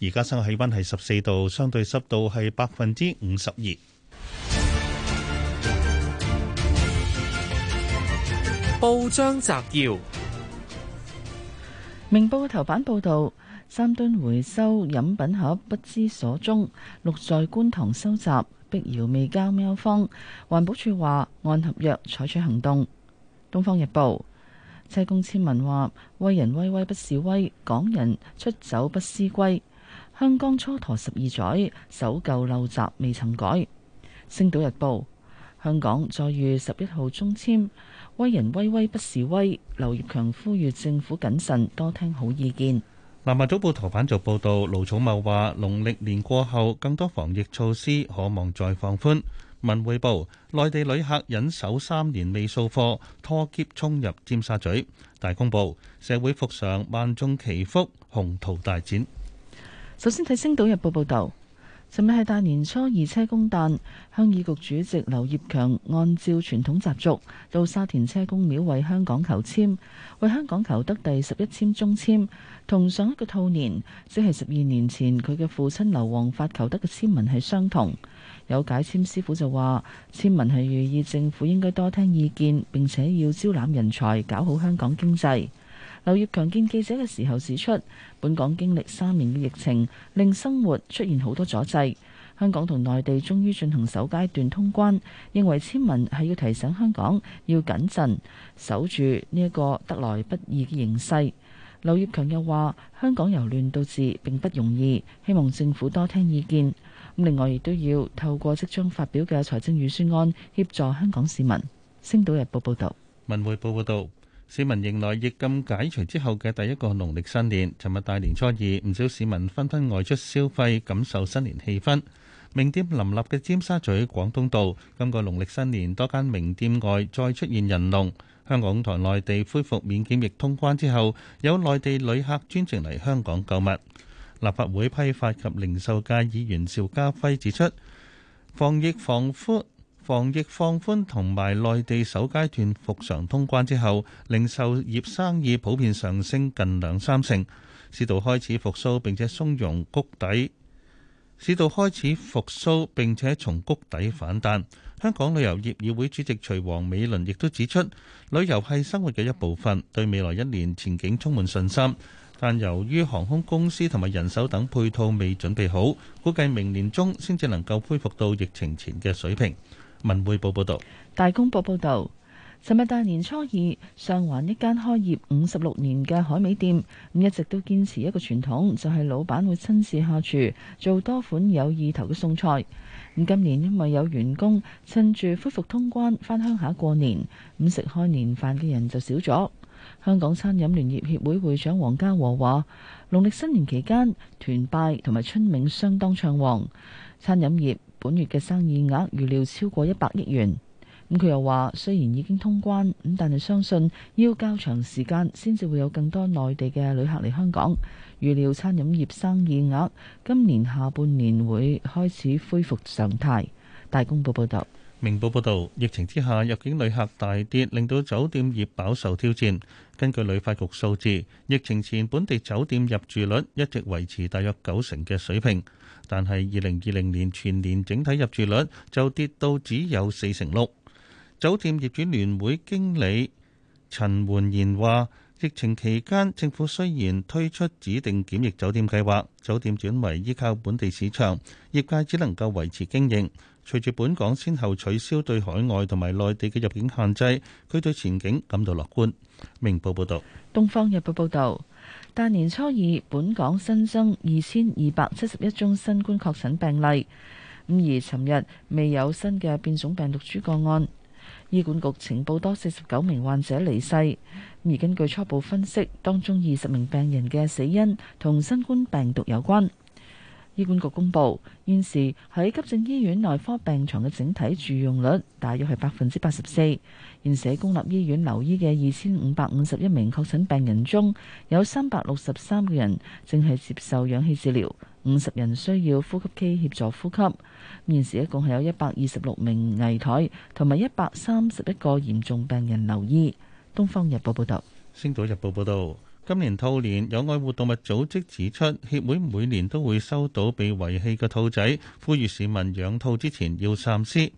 而家室外氣溫係十四度，相對濕度係百分之五十二。報章摘要：明報頭版報道，三噸回收飲品盒不知所蹤，綠在觀塘收集，碧瑤未交喵方。環保署話按合約採取行動。《東方日報》車公籤文話：威人威威不是威，港人出走不思歸。香港蹉跎十二載，守舊陋習未曾改。《星島日報》香港再遇十一號中簽，威人威威不是威。劉業強呼籲政府謹慎，多聽好意見。《南華早報》頭版就報道，盧寵茂話：農曆年過後，更多防疫措施可望再放寬。《文匯報》內地旅客忍手三年未掃貨，拖喼衝入尖沙咀。《大公報》社會復常，萬眾祈福，宏圖大展。首先睇《星島日報》報導，尋日係大年初二車公誕，鄉議局主席劉業強按照傳統習俗，到沙田車公廟為香港求籤，為香港求得第十一籤中籤，同上一個兔年，即係十二年前，佢嘅父親劉皇發求得嘅簽文係相同。有解籤師傅就話，簽文係寓意政府應該多聽意見，並且要招攬人才，搞好香港經濟。劉業強見記者嘅時候指出，本港經歷三年嘅疫情，令生活出現好多阻滯。香港同內地終於進行首階段通關，認為簽文係要提醒香港要謹慎守住呢一個得來不易嘅形勢。劉業強又話，香港由亂到治並不容易，希望政府多聽意見。咁另外亦都要透過即將發表嘅財政預算案協助香港市民。星島日報報道，文匯報報道。市民迎來疫禁解除之後嘅第一個農曆新年。尋日大年初二，唔少市民紛紛外出消費，感受新年氣氛。名店林立嘅尖沙咀廣東道，今個農曆新年多間名店外再出現人龍。香港同內地恢復免檢疫通關之後，有內地旅客專程嚟香港購物。立法會批發及零售界議員邵家輝指出，防疫防護。防疫放寬同埋內地首階段復常通關之後，零售業生意普遍上升近兩三成，市道開始復甦並且松容谷底。市道開始復甦並且從谷底反彈。香港旅遊業議會主席徐王美倫亦都指出，旅遊係生活嘅一部分，對未來一年前景充滿信心。但由於航空公司同埋人手等配套未準備好，估計明年中先至能夠恢復到疫情前嘅水平。文匯報報道，大公報報道，尋日大年初二，上環一間開業五十六年嘅海味店，咁一直都堅持一個傳統，就係、是、老闆會親自下廚，做多款有意頭嘅餸菜。咁今年因為有員工趁住恢復通關翻鄉下過年，咁食開年飯嘅人就少咗。香港餐飲聯業協會會長黃家和話，農曆新年期間，團拜同埋春茗相當暢旺，餐飲業，本月嘅生意額預料超過一百億元。咁佢又話，雖然已經通關，咁但係相信要較長時間先至會有更多內地嘅旅客嚟香港。預料餐飲業生意額今年下半年會開始恢復常態。大公報報道，明報報道，疫情之下入境旅客大跌，令到酒店業飽受挑戰。根據旅發局數字，疫情前本地酒店入住率一直維持大約九成嘅水平。但係，二零二零年全年整體入住率就跌到只有四成六。酒店業主聯會經理陳煥然話，疫情期間政府雖然推出指定檢疫酒店計劃，酒店轉為依靠本地市場，業界只能夠維持經營。隨住本港先後取消對海外同埋內地嘅入境限制，佢對前景感到樂觀。明報報導，東方日報報導。大年初二，本港新增二千二百七十一宗新冠確診病例，咁而尋日未有新嘅變種病毒株個案。醫管局呈報多四十九名患者離世，而根據初步分析，當中二十名病人嘅死因同新冠病毒有關。醫管局公布現時喺急症醫院內科病床嘅整體住用率大約係百分之八十四。現時公立醫院留醫嘅二千五百五十一名確診病人中，有三百六十三個人正係接受氧氣治療，五十人需要呼吸機協助呼吸。現時一共係有一百二十六名危殆，同埋一百三十一個嚴重病人留醫。東方日報報道。星島日報報道，今年兔年，有愛護動物組織指出，協會每年都會收到被遺棄嘅兔仔，呼籲市民養兔之前要三思。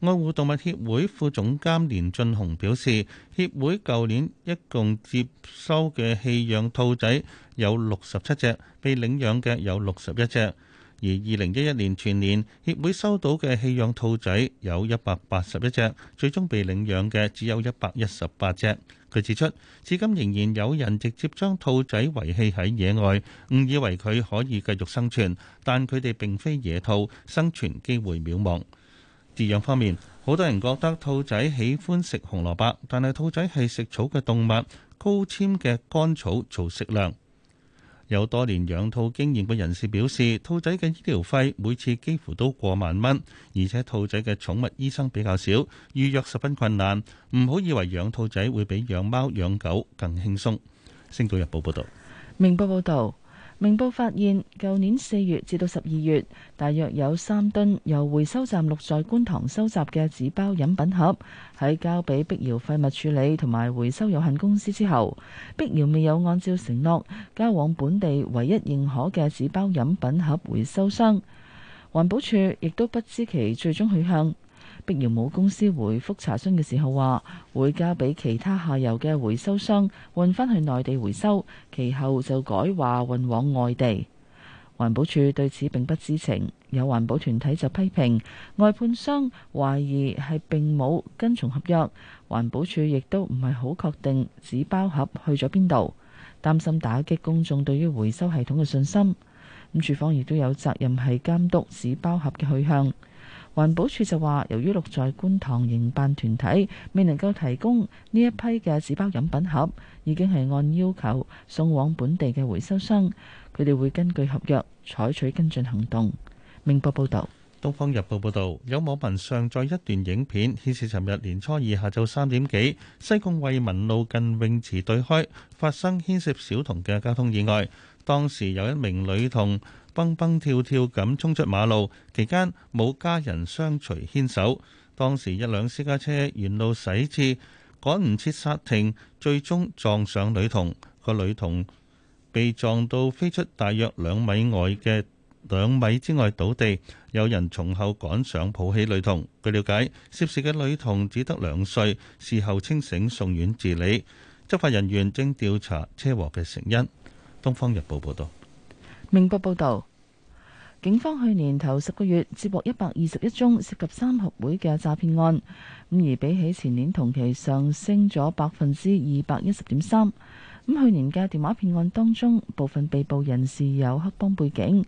愛護動物協會副總監連俊雄表示，協會舊年一共接收嘅棄養兔仔有六十七隻，被領養嘅有六十一隻。而二零一一年全年，協會收到嘅棄養兔仔有一百八十一隻，最終被領養嘅只有一百一十八隻。佢指出，至今仍然有人直接將兔仔遺棄喺野外，誤以為佢可以繼續生存，但佢哋並非野兔，生存機會渺茫。飼養方面，好多人覺得兔仔喜歡食紅蘿蔔，但係兔仔係食草嘅動物，高纖嘅乾草做食糧。有多年養兔經驗嘅人士表示，兔仔嘅醫療費每次幾乎都過萬蚊，而且兔仔嘅寵物醫生比較少，預約十分困難。唔好以為養兔仔會比養貓養狗更輕鬆。星島日報報道。明報報道。明報發現，舊年四月至到十二月，大約有三噸由回收站綠在觀塘收集嘅紙包飲品盒，喺交俾碧瑤廢物處理同埋回收有限公司之後，碧瑤未有按照承諾交往本地唯一認可嘅紙包飲品盒回收商，環保署亦都不知其最終去向。碧瑤母公司回覆查詢嘅時候話，會交俾其他下游嘅回收商運翻去內地回收，其後就改話運往外地。環保署對此並不知情，有環保團體就批評外判商懷疑係並冇跟從合約。環保署亦都唔係好確定紙包盒去咗邊度，擔心打擊公眾對於回收系統嘅信心。咁署方亦都有責任係監督紙包盒嘅去向。環保署就話，由於落在觀塘營辦團體未能夠提供呢一批嘅紙包飲品盒，已經係按要求送往本地嘅回收商，佢哋會根據合約採取跟進行動。明報報道，《東方日報》報道，有網民上載一段影片，顯示尋日年初二下晝三點幾，西貢惠民路近泳池對開發生牽涉小童嘅交通意外，當時有一名女童。蹦蹦跳跳咁衝出馬路，期間冇家人相隨牽手。當時一輛私家車沿路駛至，趕唔切剎停，最終撞上女童。個女童被撞到飛出大約兩米外嘅兩米之外倒地，有人從後趕上抱起女童。據了解，涉事嘅女童只得兩歲，事後清醒送院治理。執法人員正調查車禍嘅成因。東方日報報道，明報報道。警方去年頭十個月接獲一百二十一宗涉及三合會嘅詐騙案，咁而比起前年同期上升咗百分之二百一十點三。咁去年嘅電話騙案當中，部分被捕人士有黑幫背景。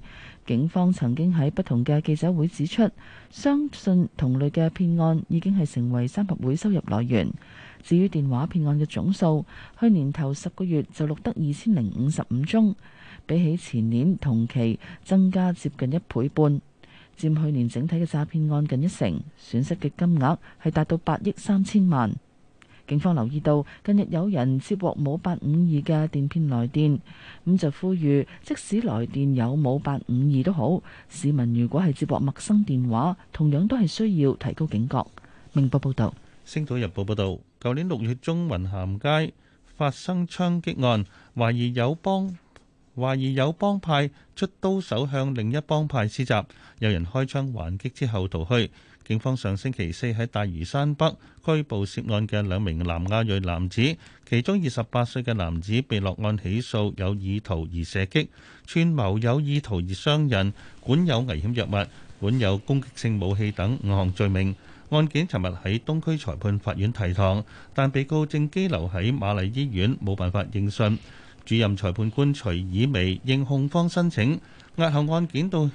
警方曾經喺不同嘅記者會指出，相信同類嘅騙案已經係成為三合會收入來源。至於電話騙案嘅總數，去年頭十個月就錄得二千零五十五宗。比起前年同期增加接近一倍半，佔去年整體嘅詐騙案近一成，損失嘅金額係達到八億三千萬。警方留意到近日有人接獲冇八五二嘅電騙來電，咁就呼籲，即使來電有冇八五二都好，市民如果係接獲陌生電話，同樣都係需要提高警覺。明報報道，《星島日報》報道，舊年六月中雲咸街發生槍擊案，懷疑有幫。懷疑有幫派出刀手向另一幫派施襲，有人開槍還擊之後逃去。警方上星期四喺大嶼山北拘捕涉案嘅兩名南亞裔男子，其中二十八歲嘅男子被落案起訴，有意圖而射擊、串謀有意圖而傷人、管有危險藥物、管有攻擊性武器等五項罪名。案件尋日喺東區裁判法院提堂，但被告正羈留喺瑪麗醫院，冇辦法應訊。主任裁判官徐以薇應控方申請，押後案件到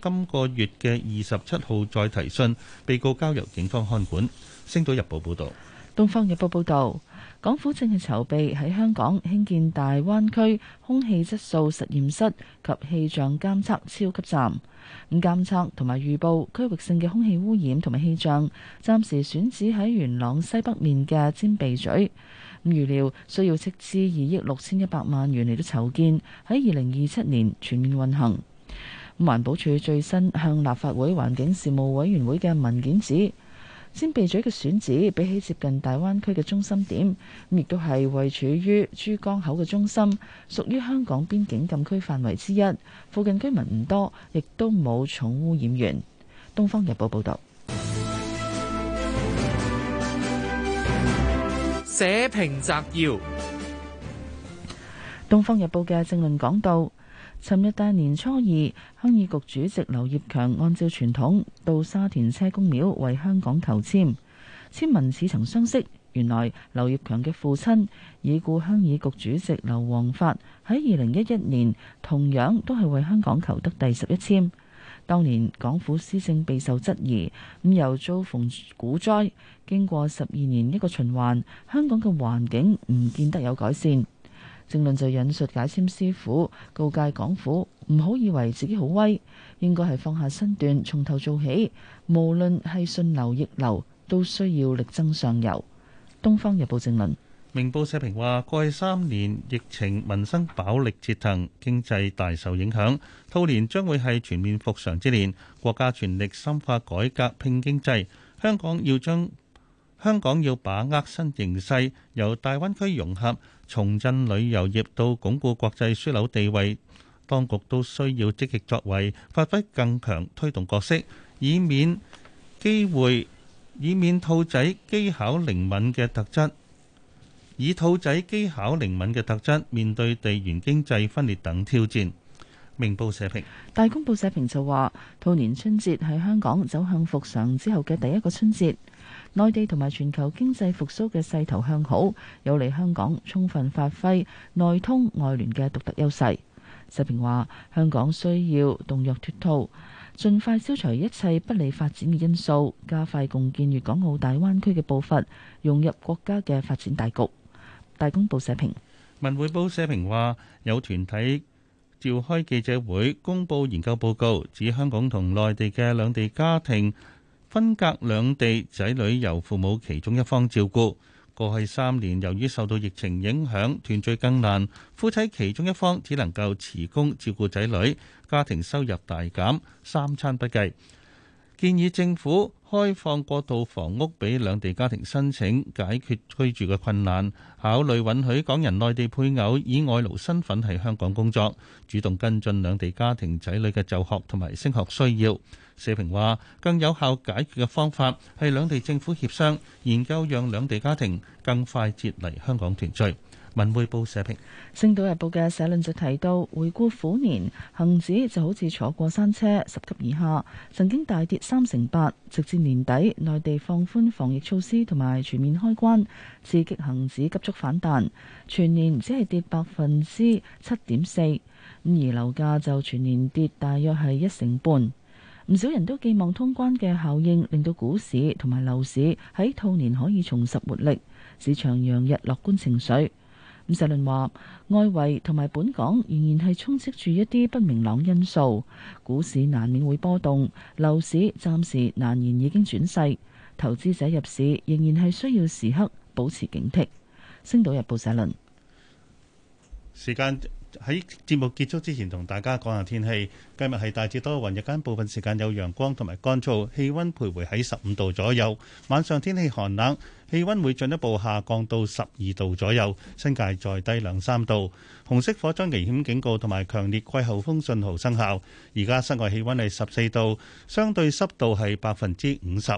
今個月嘅二十七號再提訊，被告交由警方看管。《星島日報》報道，《東方日報》報道，港府正係籌備喺香港興建大灣區空氣質素實驗室及氣象監測超級站，咁監測同埋預報區域性嘅空氣污染同埋氣象，暫時選址喺元朗西北面嘅尖鼻咀。預料需要斥資二億六千一百萬元嚟到籌建，喺二零二七年全面運行。環保署最新向立法會環境事務委員會嘅文件指，先備咗一個選址，比起接近大灣區嘅中心點，亦都係位處於珠江口嘅中心，屬於香港邊境禁區範圍之一。附近居民唔多，亦都冇重污染源。《東方日報》報道。社評摘要：《東方日報》嘅政論講到，尋日大年初二，鄉議局主席劉業強按照傳統到沙田車公廟為香港求籤，籤文似曾相識。原來劉業強嘅父親已故鄉議局主席劉皇發喺二零一一年同樣都係為香港求得第十一籤。當年港府施政備受質疑，咁又遭逢股災，經過十二年一個循環，香港嘅環境唔見得有改善。政論就引述解簽師傅告誡港府：唔好以為自己好威，應該係放下身段，從頭做起。無論係順流逆流，都需要力爭上游。《東方日報》政論。明報社評話：過去三年疫情，民生飽歷折騰，經濟大受影響。兔年將會係全面復常之年，國家全力深化改革拼經濟。香港要將香港要把握新形勢，由大灣區融合、重振旅遊業，業到鞏固國際樞紐地位，當局都需要積極作為，發揮更強推動角色，以免機會，以免兔仔機巧靈敏嘅特質。以兔仔機巧靈敏嘅特質，面對地緣經濟分裂等挑戰。明報社評。大公報社評就話，兔年春節係香港走向復常之後嘅第一個春節，內地同埋全球經濟復甦嘅勢頭向好，有利香港充分發揮內通外聯嘅獨特優勢。社評話，香港需要動若脱兔，盡快消除一切不利發展嘅因素，加快共建粵港澳大灣區嘅步伐，融入國家嘅發展大局。大公報社評，文匯報社評話，有團體召開記者會公布研究報告，指香港同內地嘅兩地家庭分隔兩地，仔女由父母其中一方照顧。過去三年，由於受到疫情影響，團聚更難，夫妻其中一方只能夠辭工照顧仔女，家庭收入大減，三餐不繼。建議政府，開放過渡房屋俾兩地家庭申請，解決居住嘅困難，考慮允許港人內地配偶以外勞身份喺香港工作，主動跟進兩地家庭仔女嘅就學同埋升學需要。社評話，更有效解決嘅方法係兩地政府協商，研究讓兩地家庭更快捷嚟香港團聚。文匯報社評，《星島日報》嘅社論就提到，回顧虎年，恆指就好似坐過山車，十級以下曾經大跌三成八，直至年底，內地放寬防疫措施同埋全面開關，刺激恆指急速反彈，全年只係跌百分之七點四。咁而樓價就全年跌大約係一成半。唔少人都寄望通關嘅效應，令到股市同埋樓市喺兔年可以重拾活力，市場洋溢樂觀情緒。社論話，外圍同埋本港仍然係充斥住一啲不明朗因素，股市難免會波動，樓市暫時難言已經轉勢，投資者入市仍然係需要時刻保持警惕。星島日報社論。時間。喺節目結束之前，同大家講下天氣。今日係大致多雲，日間部分時間有陽光同埋乾燥，氣温徘徊喺十五度左右。晚上天氣寒冷，氣温會進一步下降到十二度左右，新界再低兩三度。紅色火災危險警告同埋強烈季候風信號生效。而家室外氣温係十四度，相對濕度係百分之五十。